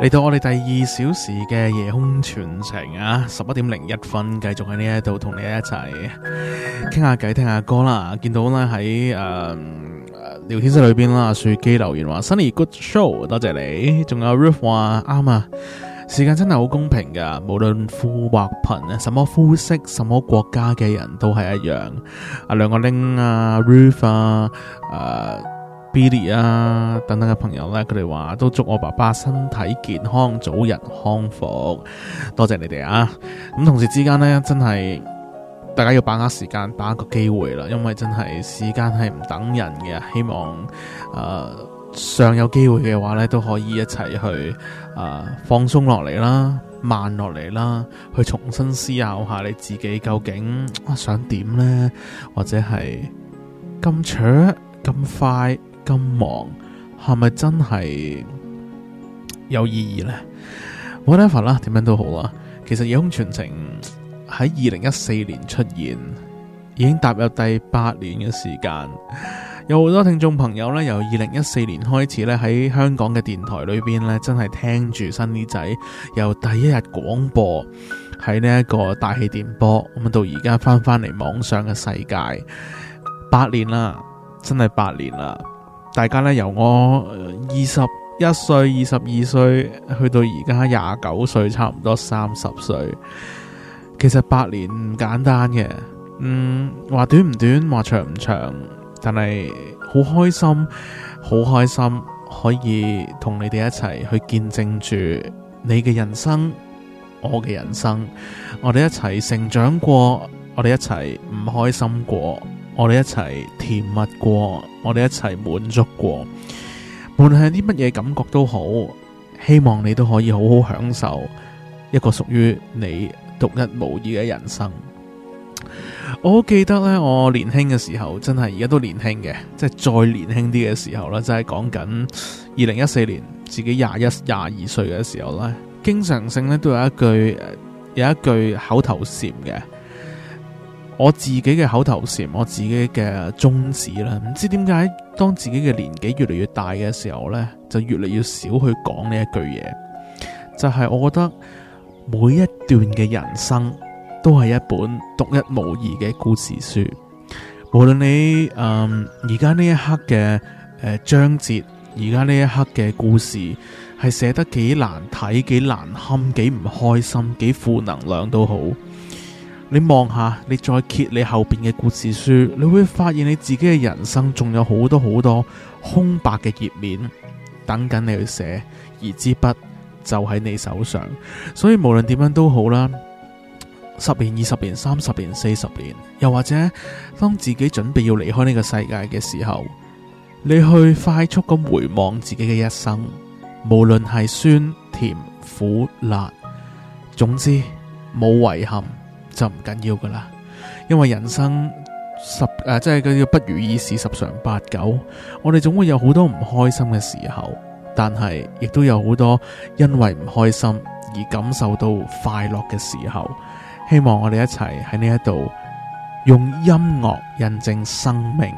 嚟到我哋第二小時嘅夜空全程啊，十一點零一分繼續喺呢一度同你一齊傾下偈、聽下歌啦。見到咧喺誒聊天室裏邊啦，雪、啊、機留言話 s u n d y good show，多謝你。仲有 Ruf 話啱啊，時間真係好公平嘅，無論富或貧，什麼膚色、什麼國家嘅人都係一樣。啊，兩個拎啊，Ruf 啊，誒、啊。Billy 啊，等等嘅朋友呢，佢哋話都祝我爸爸身體健康，早日康復。多謝你哋啊！咁同時之間呢，真係大家要把握時間，把握個機會啦，因為真係時間係唔等人嘅。希望誒尚、呃、有機會嘅話呢，都可以一齊去誒、呃、放鬆落嚟啦，慢落嚟啦，去重新思考下你自己究竟想點呢？或者係咁 short 咁快。咁忙係咪真係有意義咧？Whatever 啦，點樣都好啊。其實夜空傳情喺二零一四年出現，已經踏入第八年嘅時間。有好多聽眾朋友呢，由二零一四年開始呢，喺香港嘅電台裏邊呢，真係聽住新啲仔由第一日廣播喺呢一個大氣電波，咁到而家翻返嚟網上嘅世界，八年啦，真係八年啦。大家咧由我二十一歲、二十二歲去到而家廿九歲，差唔多三十歲，其實八年唔簡單嘅。嗯，話短唔短，話長唔長，但係好開心，好開心，可以同你哋一齊去見證住你嘅人生，我嘅人生，我哋一齊成長過，我哋一齊唔開心過。我哋一齊甜蜜過，我哋一齊滿足過，無論係啲乜嘢感覺都好，希望你都可以好好享受一個屬於你獨一無二嘅人生。我記得呢，我年輕嘅時候真係而家都年輕嘅，即係再年輕啲嘅時候呢，就係講緊二零一四年自己廿一廿二歲嘅時候呢，經常性呢，都有一句有一句口頭禪嘅。我自己嘅口頭禪，我自己嘅宗旨啦，唔知點解，當自己嘅年紀越嚟越大嘅時候呢，就越嚟越少去講呢一句嘢，就係、是、我覺得每一段嘅人生都係一本獨一無二嘅故事書，無論你嗯而家呢一刻嘅、呃、章節，而家呢一刻嘅故事係寫得幾難睇、幾難堪、幾唔開心、幾負能量都好。你望下，你再揭你後邊嘅故事書，你會發現你自己嘅人生仲有好多好多空白嘅頁面，等緊你去寫，而支筆就喺你手上。所以無論點樣都好啦，十年、二十年、三十年、四十年，又或者當自己準備要離開呢個世界嘅時候，你去快速咁回望自己嘅一生，無論係酸甜苦辣，總之冇遺憾。就唔緊要噶啦，因為人生十誒，即係佢啲不如意事十常八九，我哋總會有好多唔開心嘅時候，但係亦都有好多因為唔開心而感受到快樂嘅時候。希望我哋一齊喺呢一度用音樂印證生命，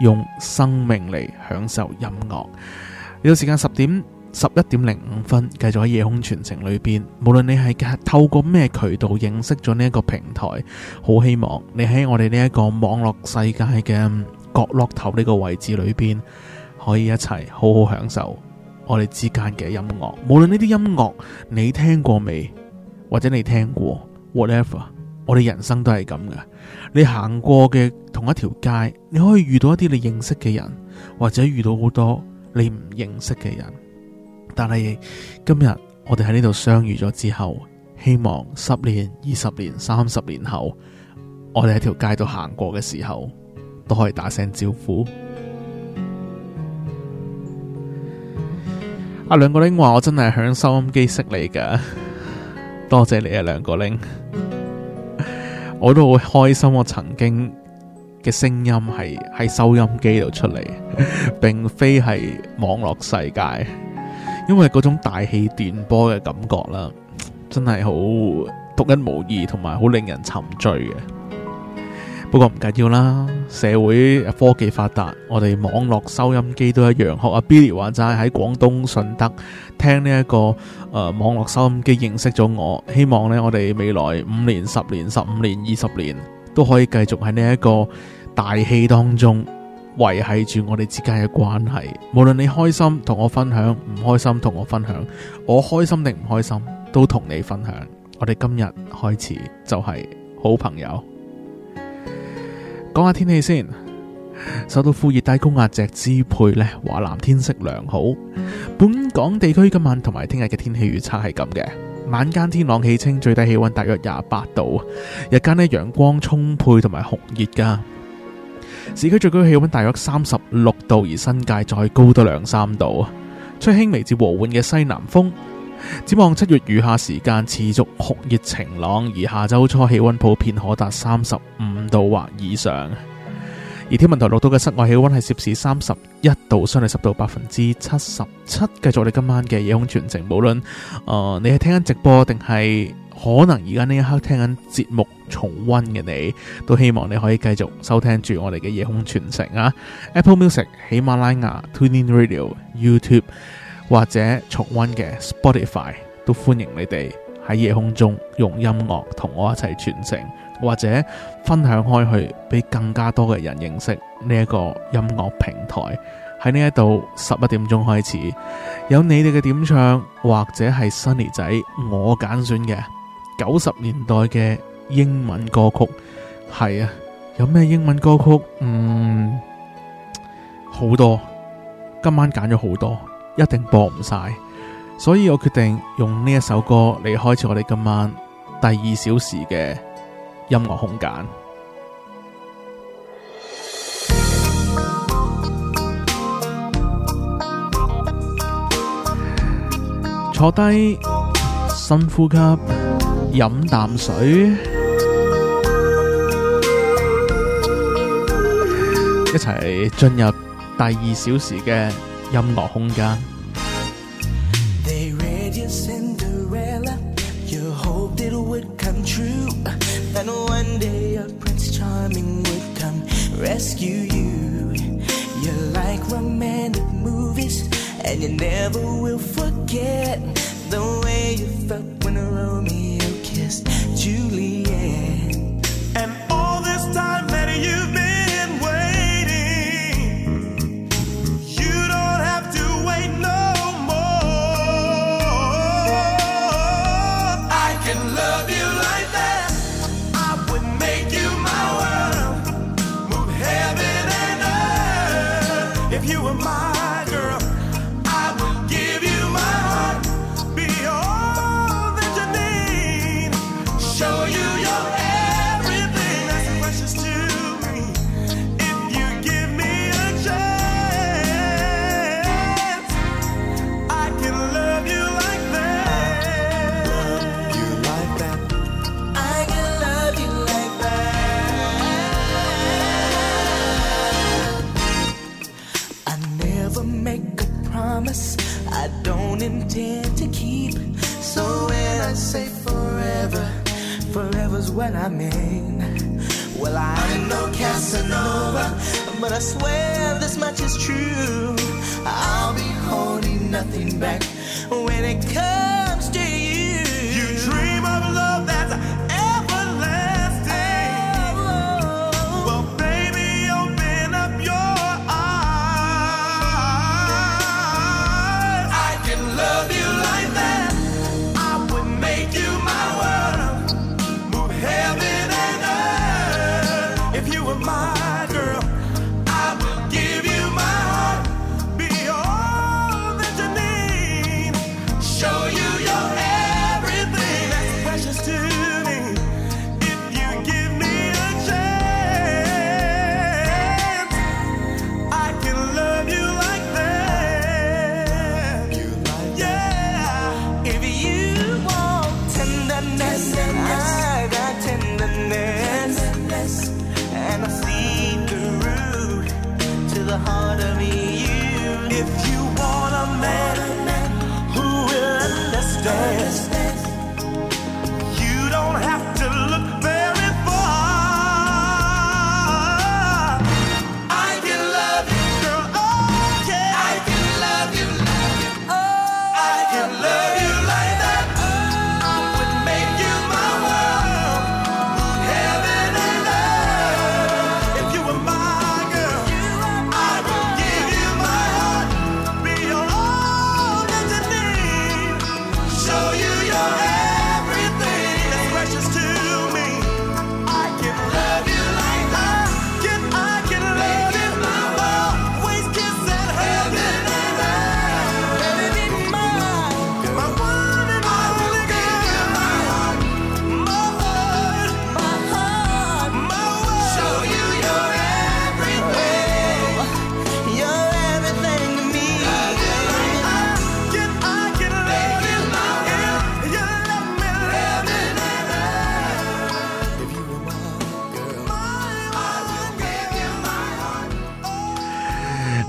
用生命嚟享受音樂。呢個時間十點。十一點零五分，繼續喺夜空傳情裏邊。無論你係透過咩渠道認識咗呢一個平台，好希望你喺我哋呢一個網絡世界嘅角落頭呢個位置裏邊，可以一齊好好享受我哋之間嘅音樂。無論呢啲音樂你聽過未，或者你聽過 whatever，我哋人生都係咁噶。你行過嘅同一條街，你可以遇到一啲你認識嘅人，或者遇到好多你唔認識嘅人。但係今日我哋喺呢度相遇咗之後，希望十年、二十年、三十年後，我哋喺條街度行過嘅時候，都可以打聲招呼。阿梁國玲話，我真係響收音機識你噶， 多謝你啊，梁國玲， 我都好開心，我曾經嘅聲音係喺收音機度出嚟，並非係網絡世界。因為嗰種大氣電波嘅感覺啦，真係好獨一無二，同埋好令人沉醉嘅。不過唔緊要啦，社會科技發達，我哋網絡收音機都一樣。學阿 Billy 話齋喺廣東順德聽呢、這、一個誒、呃、網絡收音機，認識咗我。希望呢，我哋未來五年、十年、十五年、二十年，都可以繼續喺呢一個大氣當中。維繫住我哋之間嘅關係，無論你開心同我分享，唔開心同我分享，我開心定唔開心都同你分享。我哋今日開始就係好朋友。講下天氣先，受到副熱帶高壓脊支配咧，華南天色良好。本港地區今晚同埋聽日嘅天氣預測係咁嘅，晚間天朗氣清，最低氣溫大約廿八度，日間呢，陽光充沛同埋酷熱噶。市區最高氣溫大約三十六度，而新界再高多兩三度。吹輕微至和緩嘅西南風。展望七月餘下時間持續酷熱晴朗，而下周初氣溫普遍可達三十五度或以上。而天文台錄到嘅室外氣溫係攝氏三十一度，相對濕度百分之七十七。繼續你今晚嘅夜空傳情，無論誒、呃、你係聽緊直播定係。可能而家呢一刻聽緊節目重溫嘅你，都希望你可以繼續收聽住我哋嘅夜空傳情啊！Apple Music、喜馬拉雅、TuneIn Radio、YouTube 或者重溫嘅 Spotify 都歡迎你哋喺夜空中用音樂同我一齊傳情，或者分享開去俾更加多嘅人認識呢一個音樂平台。喺呢一度十一點鐘開始，有你哋嘅點唱，或者係 Sunny 仔我揀選嘅。九十年代嘅英文歌曲係啊，有咩英文歌曲？嗯，好多，今晚揀咗好多，一定播唔晒，所以我決定用呢一首歌嚟，開始我哋今晚第二小時嘅音樂空間。坐低，深呼吸。飲啖水，一齊進入第二小時嘅音樂空間。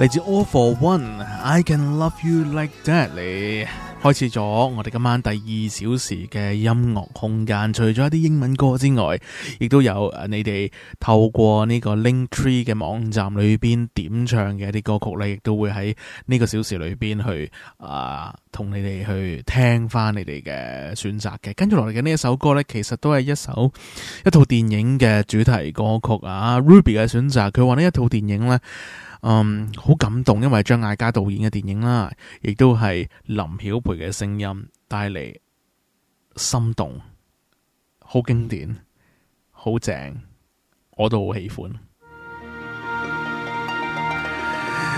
來 All for One，I can love you like that 開始咗我哋今晚第二小時嘅音樂空間。除咗一啲英文歌之外，亦都有誒，你哋透過呢個 Link Tree 嘅網站裏邊點唱嘅一啲歌曲咧，亦都會喺呢個小時裏邊去啊，同你哋去聽翻你哋嘅選擇嘅。跟住落嚟嘅呢一首歌呢，其實都係一首一套電影嘅主題歌曲啊。Ruby 嘅選擇，佢話呢一套電影呢。嗯，好、um，感動，因為張艾嘉導演嘅電影啦，亦都係林曉培嘅聲音帶嚟心動，好經典，好正，我都好喜歡。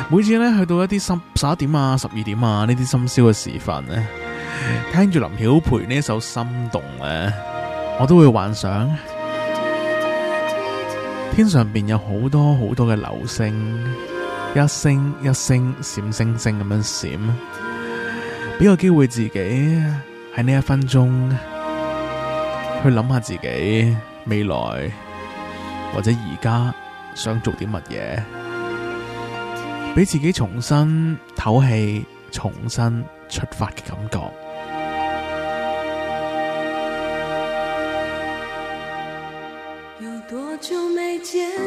每次咧去到一啲十十一點啊、十二點啊呢啲深宵嘅時分咧，聽住林曉培呢首《心動》咧、啊，我都會幻想天上邊有好多好多嘅流星。一聲一聲閃星星咁樣閃，俾個機會自己喺呢一分鐘去諗下自己未來或者而家想做啲乜嘢，俾自己重新唞氣、重新出發嘅感覺。有多久沒見？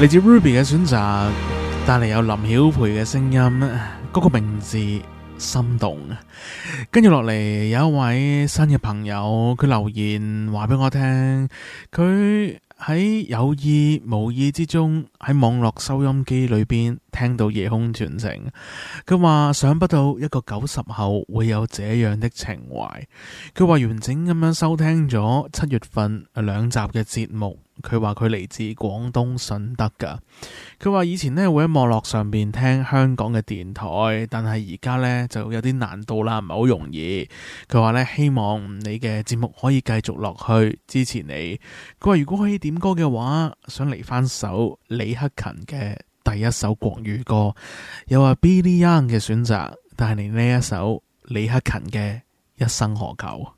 嚟自 Ruby 嘅選擇，帶嚟有林曉培嘅聲音，嗰個名字心動。跟住落嚟有一位新嘅朋友，佢留言話俾我聽，佢喺有意無意之中喺網絡收音機裏邊聽到夜空傳情。佢話想不到一個九十後會有這樣的情懷。佢話完整咁樣收聽咗七月份兩集嘅節目。佢話佢嚟自廣東順德噶，佢話以前呢會喺網絡上邊聽香港嘅電台，但係而家呢就有啲難度啦，唔係好容易。佢話呢，希望你嘅節目可以繼續落去，支持你。佢話如果可以點歌嘅話，想嚟翻首李克勤嘅第一首國語歌，又話 Beyond 嘅選擇，帶嚟呢一首李克勤嘅一生何求。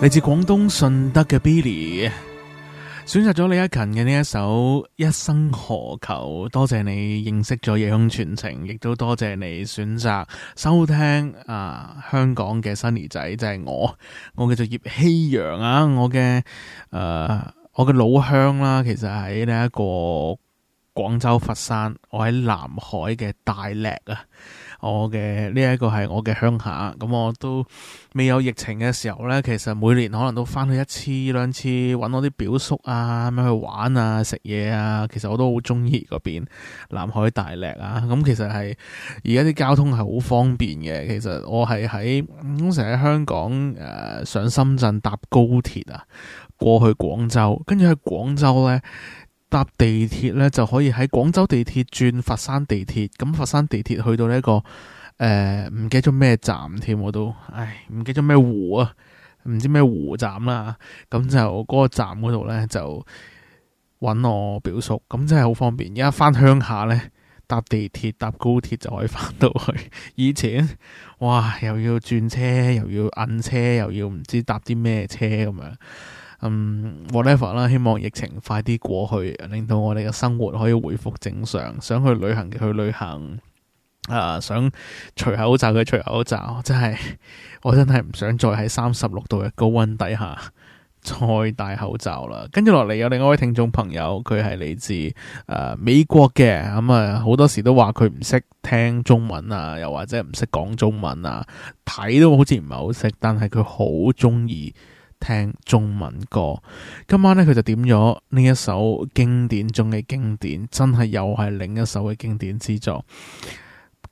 嚟自廣東順德嘅 Billy 選擇咗李克勤嘅呢一首《一生何求》，多謝你認識咗夜空傳情，亦都多謝你選擇收聽啊！香港嘅 Sunny 仔就係、是、我，我叫做葉希揚啊！我嘅誒、啊，我嘅老鄉啦、啊，其實喺呢一個廣州佛山，我喺南海嘅大瀝啊。我嘅呢一個係我嘅鄉下，咁、嗯、我都未有疫情嘅時候呢，其實每年可能都翻去一次兩次揾我啲表叔啊，咁樣去玩啊、食嘢啊，其實我都好中意嗰邊南海大瀝啊。咁、嗯、其實係而家啲交通係好方便嘅，其實我係喺成日喺香港誒、呃、上深圳搭高鐵啊，過去廣州，跟住喺廣州呢。搭地鐵咧，就可以喺廣州地鐵轉佛山地鐵，咁佛山地鐵去到呢一個誒唔記得咗咩站添，我都，唉唔記得咩湖啊，唔知咩湖站啦，咁就嗰個站嗰度咧就揾我表叔，咁真係好方便。而家翻鄉下咧，搭地鐵搭高鐵就可以翻到去。以前哇，又要轉車，又要摁車，又要唔知搭啲咩車咁樣。嗯、um，whatever 啦，希望疫情快啲過去，令到我哋嘅生活可以回復正常，想去旅行嘅去旅行，啊、呃，想除口罩嘅除口罩，真係我真係唔想再喺三十六度嘅高溫底下再戴口罩啦。跟住落嚟有另外一位聽眾朋友，佢係嚟自誒、呃、美國嘅，咁啊好多時都話佢唔識聽中文啊，又或者唔識講中文啊，睇都好似唔係好識，但係佢好中意。聽中文歌，今晚呢，佢就點咗呢一首經典中嘅經典，真係又係另一首嘅經典之作。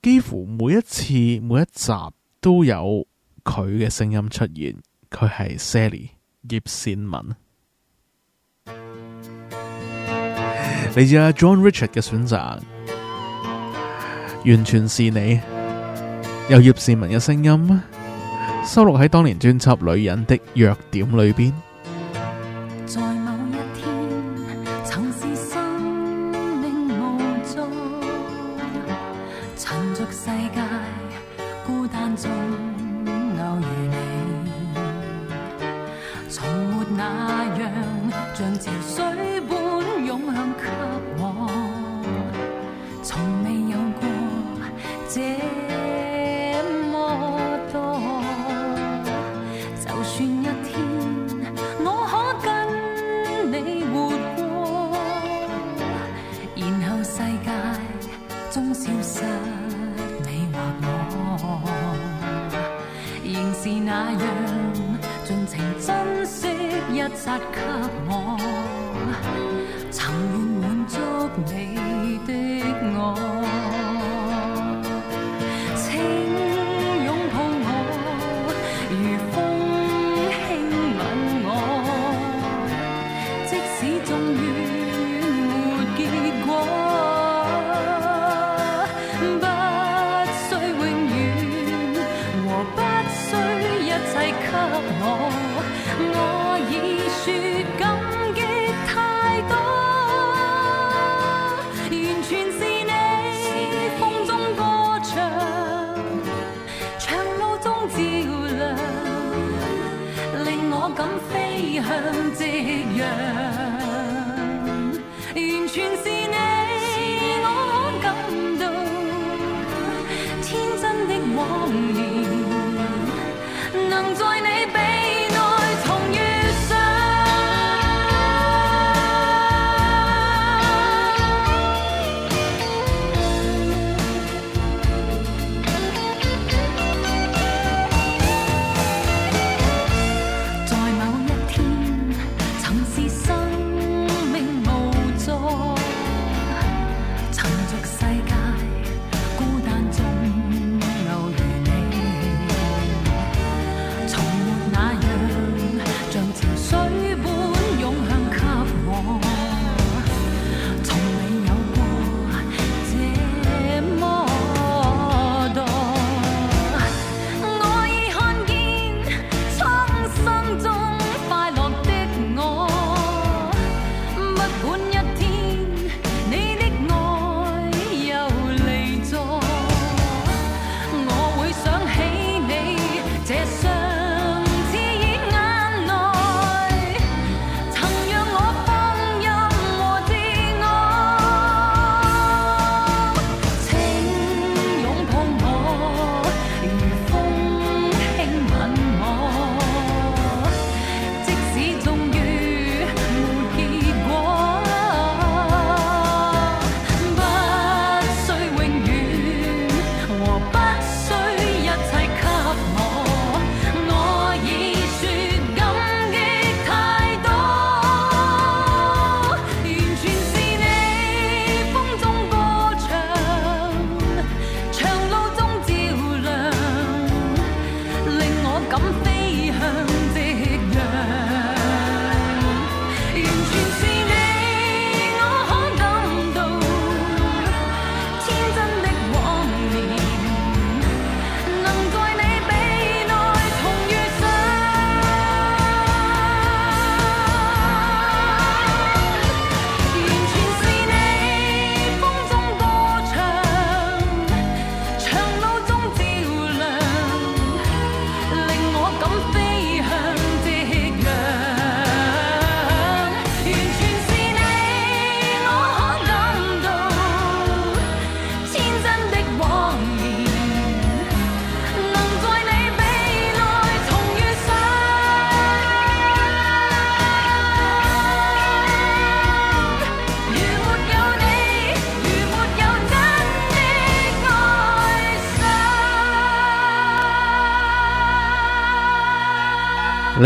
幾乎每一次每一集都有佢嘅聲音出現，佢係 Sally 葉蒨文，你知啦， John Richard 嘅選擇，完全是你，有葉蒨文嘅聲音嗎？收錄喺當年專輯《女人的弱點》裏邊。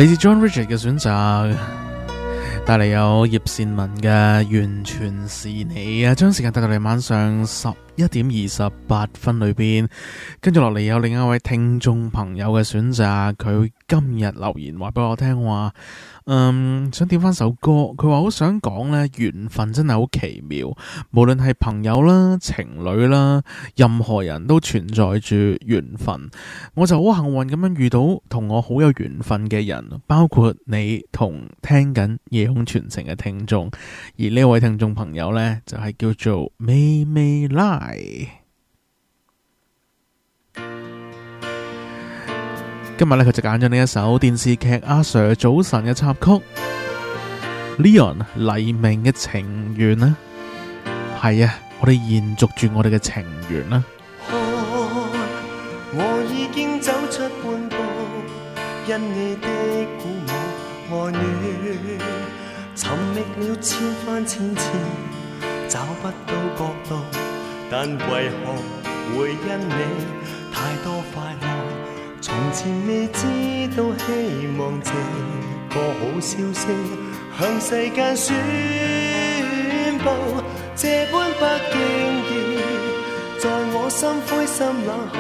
你自 John Richard 嘅選擇，帶嚟有葉蒨文嘅完全是你啊！將時間帶到嚟晚上十一點二十八分裏邊，跟住落嚟有另一位聽眾朋友嘅選擇，佢今日留言話俾我聽話。.嗯，um, 想點翻首歌，佢話好想講呢，緣分真係好奇妙，無論係朋友啦、情侶啦，任何人都存在住緣分。我就好幸運咁樣遇到同我好有緣分嘅人，包括你同聽緊《夜空傳情》嘅聽眾，而呢位聽眾朋友呢，就係叫做美美拉。今日咧，佢就揀咗呢一首電視劇阿 Sir 早晨嘅插曲，Leon 黎明嘅情緣啦。係啊，啊，我哋延續住我哋嘅情緣啦。我已經走出半步，因你的鼓舞，愛戀尋覓了千番千次，找不到角度，但為何會因你太多快樂？從前未知道希望這個好消息向世界宣佈，這般不經意，在我心灰心冷後，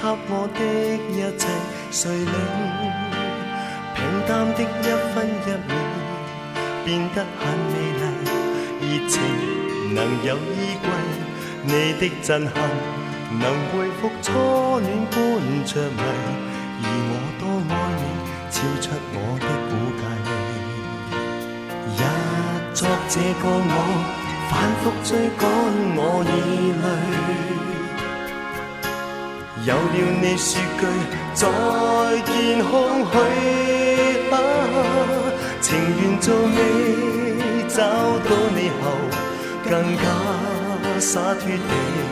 給我的一切誰領？平淡的一分一秒，變得很美麗，熱情能有依歸，你的震撼。能回覆初戀般着迷，而我多愛你，超出我的估計。一作這個我，反覆追趕我已累。有了你説句再見空虛，啊，情願做你。找到你後更加灑脱地。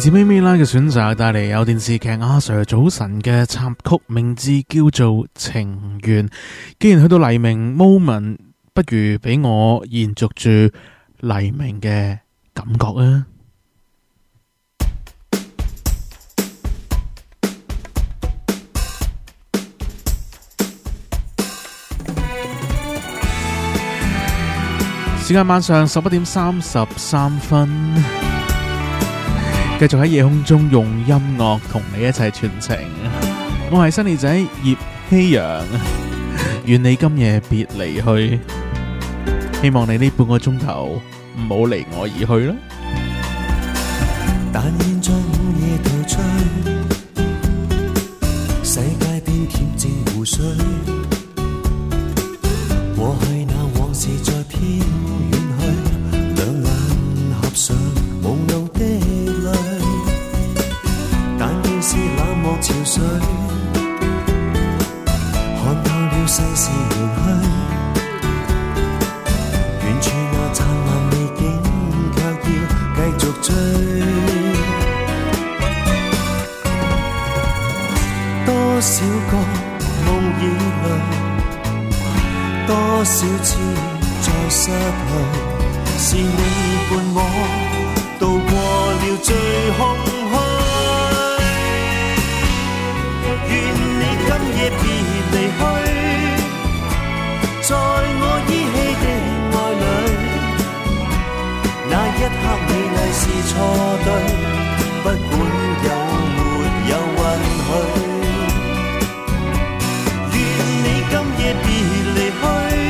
自妹眯啦嘅選擇帶嚟有電視劇阿 Sir 早晨嘅插曲，名字叫做《情緣》。既然去到黎明，moment 不如俾我延續住黎明嘅感覺啊！時間晚上十一點三十三分。繼續喺夜空中用音樂同你一齊傳情，我係 Sunny 仔葉希揚，願你今夜別離去，希望你呢半個鐘頭唔好離我而去啦。但現在。少次再失去，是你伴我渡過了最空虛。願你今夜別離去，在我依稀的愛裏，那一刻美麗是錯對，不管有沒有允許。願你今夜別離去。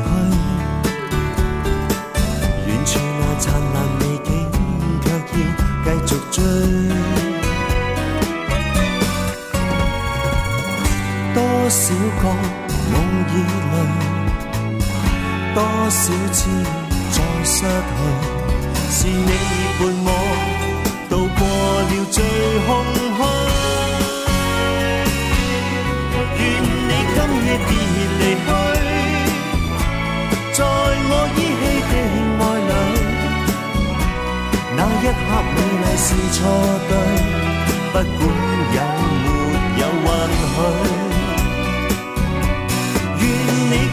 多少個夢已碎，多少次再失去，是你伴我渡過了最空虛。願你今夜別離去，在我依稀的愛裏。那一刻美麗是錯對，不管有沒有允許。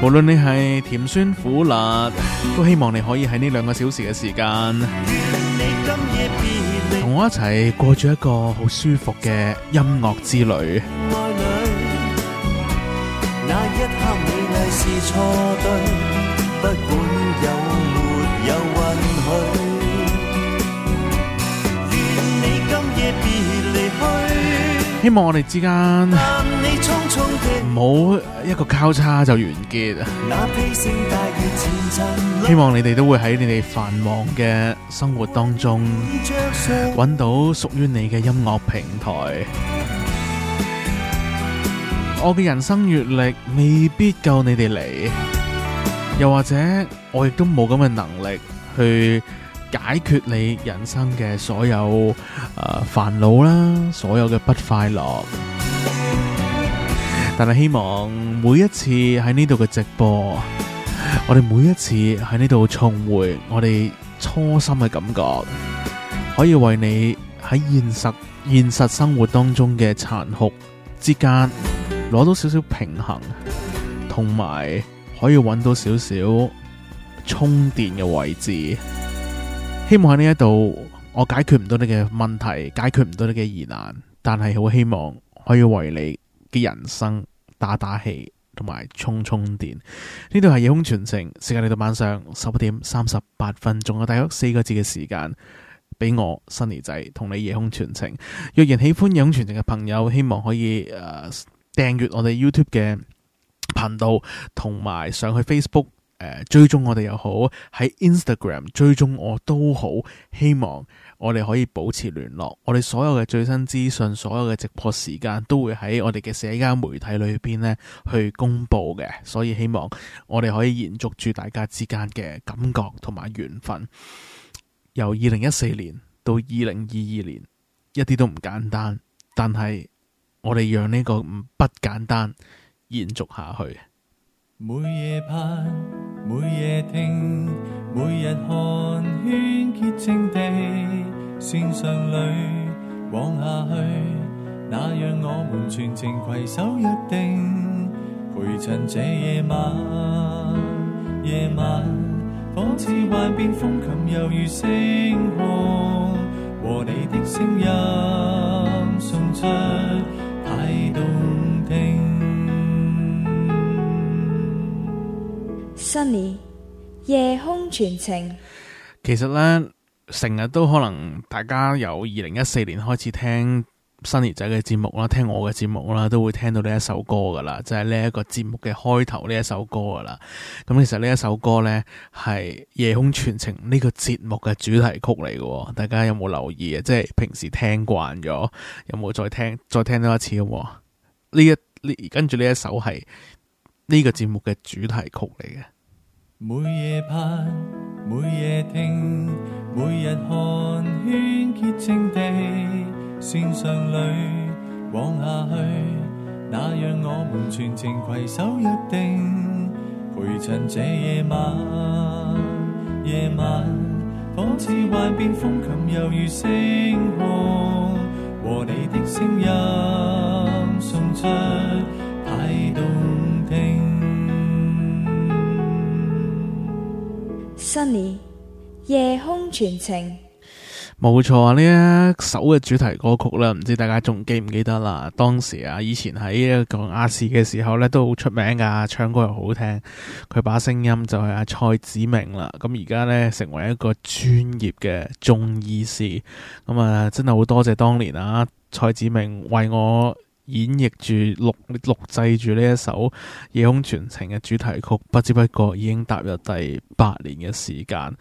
無論你係甜酸苦辣，都希望你可以喺呢兩個小時嘅時間，同我一齊過住一個好舒服嘅音樂之旅。希望我哋之間。唔好一個交叉就完結。希望你哋都會喺你哋繁忙嘅生活當中，揾到屬於你嘅音樂平台。我嘅人生閱歷未必夠你哋嚟，又或者我亦都冇咁嘅能力去解決你人生嘅所有誒煩惱啦，所有嘅不快樂。但係希望每一次喺呢度嘅直播，我哋每一次喺呢度重回我哋初心嘅感覺，可以為你喺現實現實生活當中嘅殘酷之間攞到少少平衡，同埋可以揾到少少充電嘅位置。希望喺呢一度，我解決唔到你嘅問題，解決唔到你嘅疑難，但係好希望可以為你嘅人生打打氣同埋充充電，呢度係夜空傳情，時間嚟到晚上十一點三十八分，仲有大約四個字嘅時間俾我 Sunny 仔同你夜空傳情。若然喜歡夜空傳情嘅朋友，希望可以誒、呃、訂閱我哋 YouTube 嘅頻道，同埋上去 Facebook。追蹤我哋又好，喺 Instagram 追蹤我都好，希望我哋可以保持聯絡。我哋所有嘅最新資訊，所有嘅直播時間都會喺我哋嘅社交媒體裏邊呢去公布嘅，所以希望我哋可以延續住大家之間嘅感覺同埋緣分。由二零一四年到二零二二年，一啲都唔簡單，但係我哋讓呢個唔不，不簡單延續下去。每夜盼，每夜聽，每日看，願潔淨地線上裏往下去，那樣我們全情攜手約定，陪襯這夜晚。夜晚仿似幻變，風琴猶如星空，和你的聲音送出太動聽。Sunny 夜空傳情，其實咧成日都可能，大家由二零一四年開始聽 Sunny 仔嘅節目啦，聽我嘅節目啦，都會聽到呢一首歌噶啦，就係呢一個節目嘅開頭呢一首歌噶啦。咁其實呢一首歌呢，係《夜空傳情》呢個節目嘅主題曲嚟嘅。大家有冇留意啊？即係平時聽慣咗，有冇再聽再聽多一次啊？呢一呢跟住呢一首係呢個節目嘅主題曲嚟嘅。每夜盼，每夜聽，每日看竭竭，願潔淨地線上里往下去，那讓我們全程攜手約定，陪襯這夜晚。夜晚仿似幻變，邊風琴猶如星空，和你的聲音，送出太動聽。Sunny 夜空傳情冇錯啊！呢一首嘅主題歌曲啦，唔知大家仲記唔記得啦？當時啊，以前喺一個亞視嘅時候呢，都好出名噶，唱歌又好聽。佢把聲音就係阿蔡子明啦。咁而家呢，成為一個專業嘅中醫師。咁啊，真係好多謝當年啊，蔡子明為我。演繹住錄錄製住呢一首《夜空傳情》嘅主題曲，不知不覺已經踏入第八年嘅時間。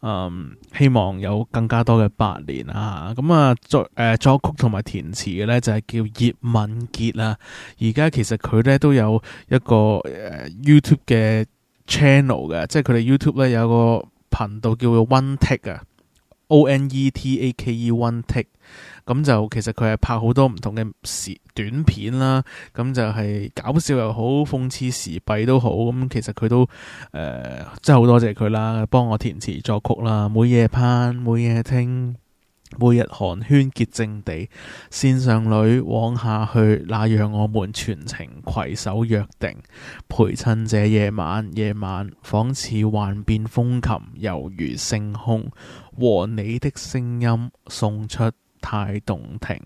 嗯，希望有更加多嘅八年啦。咁啊作誒、呃、作曲同埋填詞嘅咧就係、是、叫葉敏傑啊。而家其實佢咧都有一個誒、呃、YouTube 嘅 channel 嘅，即係佢哋 YouTube 咧有個頻道叫做 One Take 啊。One take，tick 咁就其實佢係拍好多唔同嘅短片啦，咁就係搞笑又好，諷刺時弊都好，咁其實佢都誒真係好多謝佢啦，幫我填詞作曲啦，每夜拫，每夜聽。每日寒暄潔淨地，線上裏往下去，那讓我們全程攜手約定，陪襯這夜晚。夜晚仿似幻變風琴，猶如星空和你的聲音送出太動聽。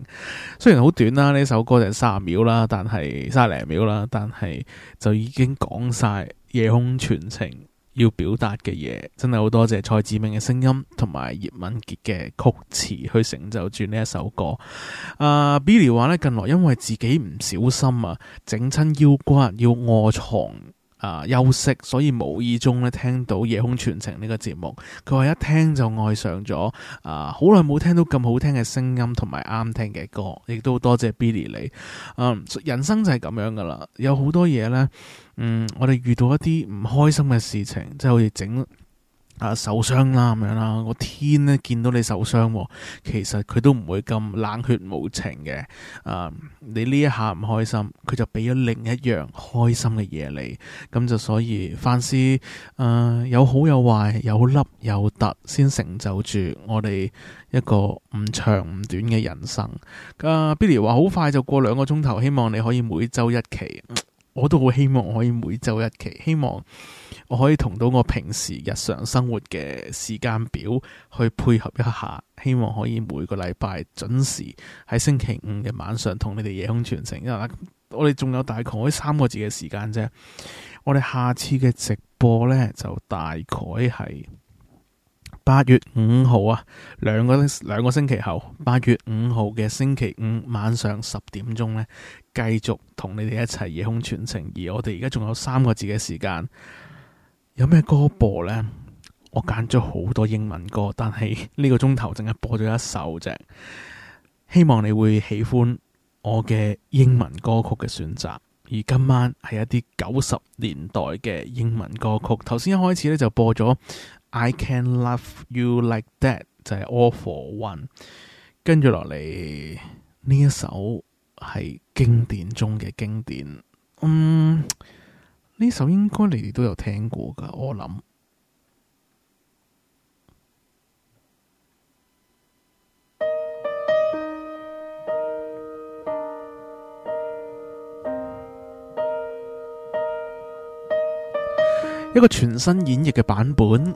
雖然好短啦，呢首歌就三十秒啦，但係三十零秒啦，但係就已經講晒夜空傳情。要表達嘅嘢真係好多謝蔡志明嘅聲音同埋葉敏傑嘅曲詞去成就住呢一首歌。啊、uh, Billy 話咧，近來因為自己唔小心啊，整親腰骨要臥床啊、uh, 休息，所以無意中咧聽到《夜空傳情》呢、這個節目，佢話一聽就愛上咗。啊，好耐冇聽到咁好聽嘅聲音同埋啱聽嘅歌，亦都多謝 Billy 你。嗯、uh，人生就係咁樣噶啦，有好多嘢呢。嗯，我哋遇到一啲唔開心嘅事情，即係好似整啊受傷啦、啊、咁樣啦，我天咧見到你受傷、啊，其實佢都唔會咁冷血無情嘅。啊，你呢一下唔開心，佢就俾咗另一樣開心嘅嘢你，咁就所以凡事啊有好有壞，有凹有凸，先成就住我哋一個唔長唔短嘅人生。啊，Billy 話好快就過兩個鐘頭，希望你可以每周一期。嗯我都好希望可以每周一期，希望我可以同到我平時日常生活嘅時間表去配合一下，希望可以每個禮拜準時喺星期五嘅晚上同你哋夜空傳情。因為我哋仲有大概三個字嘅時間啫，我哋下次嘅直播咧就大概係，八月五號啊，兩個兩個星期後，八月五號嘅星期五晚上十點鐘呢，繼續同你哋一齊夜空傳情。而我哋而家仲有三個字嘅時間，有咩歌播呢？我揀咗好多英文歌，但係呢個鐘頭淨係播咗一首啫。希望你會喜歡我嘅英文歌曲嘅選擇。而今晚係一啲九十年代嘅英文歌曲。頭先一開始呢就播咗。I can love you like that 就係 All for One，跟住落嚟呢一首係經典中嘅經典，嗯，呢首應該你哋都有聽過㗎，我諗一個全新演繹嘅版本。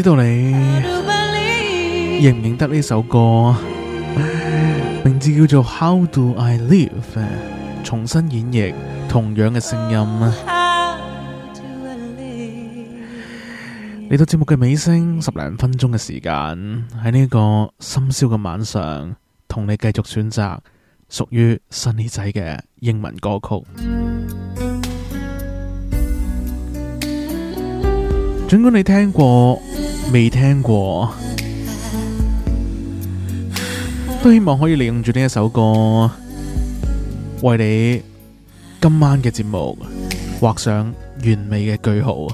知道你認唔認得呢首歌，名字叫做《How Do I Live》？重新演繹同樣嘅聲音。嚟到節目嘅尾聲，十零分鐘嘅時間，喺呢個深宵嘅晚上，同你繼續選擇屬於新耳仔嘅英文歌曲。盡管 你聽過。未聽過，都希望可以利用住呢一首歌，為你今晚嘅節目畫上完美嘅句號。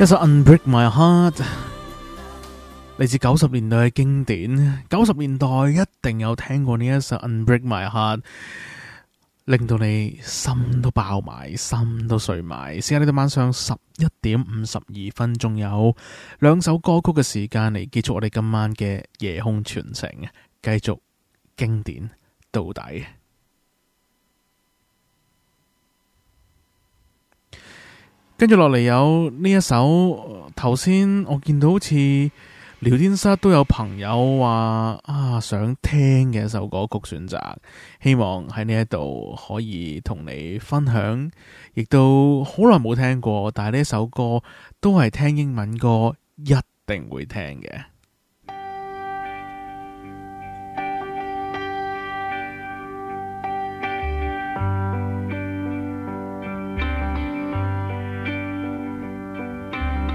一首《Unbreak My Heart》嚟自九十年代嘅經典，九十年代一定有聽過呢一首《Unbreak My Heart》，令到你心都爆埋，心都碎埋。而家呢度晚上十一點五十二分，仲有兩首歌曲嘅時間嚟結束我哋今晚嘅夜空傳情，繼續經典到底。跟住落嚟有呢一首，頭先我見到好似聊天室，都有朋友話啊，想聽嘅一首歌曲選擇，希望喺呢一度可以同你分享，亦都好耐冇聽過，但係呢首歌都係聽英文歌，一定會聽嘅。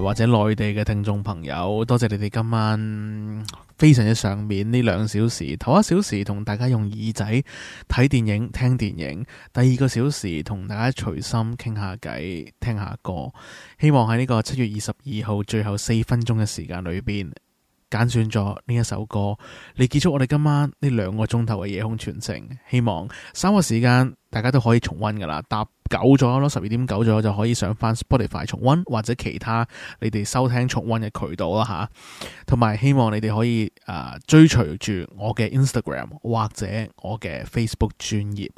或者內地嘅聽眾朋友，多謝你哋今晚非常之賞面呢兩小時，頭一小時同大家用耳仔睇電影聽電影，第二個小時同大家隨心傾下偈、聽下歌，希望喺呢個七月二十二號最後四分鐘嘅時間裏邊，揀選咗呢一首歌嚟結束我哋今晚呢兩個鐘頭嘅夜空傳情，希望三個時間大家都可以重溫噶啦，搭九咗咯，十二點九咗就可以上返 Spotify 重溫或者其他你哋收聽重溫嘅渠道啦吓，同埋希望你哋可以啊、呃、追隨住我嘅 Instagram 或者我嘅 Facebook 專頁，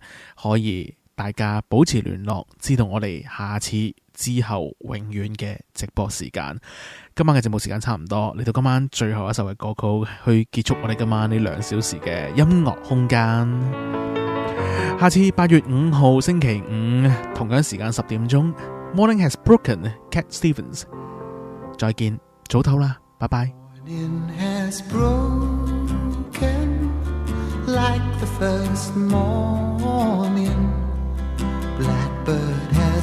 可以大家保持聯絡，知道我哋下次。之後永遠嘅直播時間，今晚嘅節目時間差唔多，嚟到今晚最後一首嘅歌曲去結束我哋今晚呢兩小時嘅音樂空間。下次八月五號星期五同樣時間十點鐘，Morning has broken，Cat Stevens，再見早唞啦，拜拜。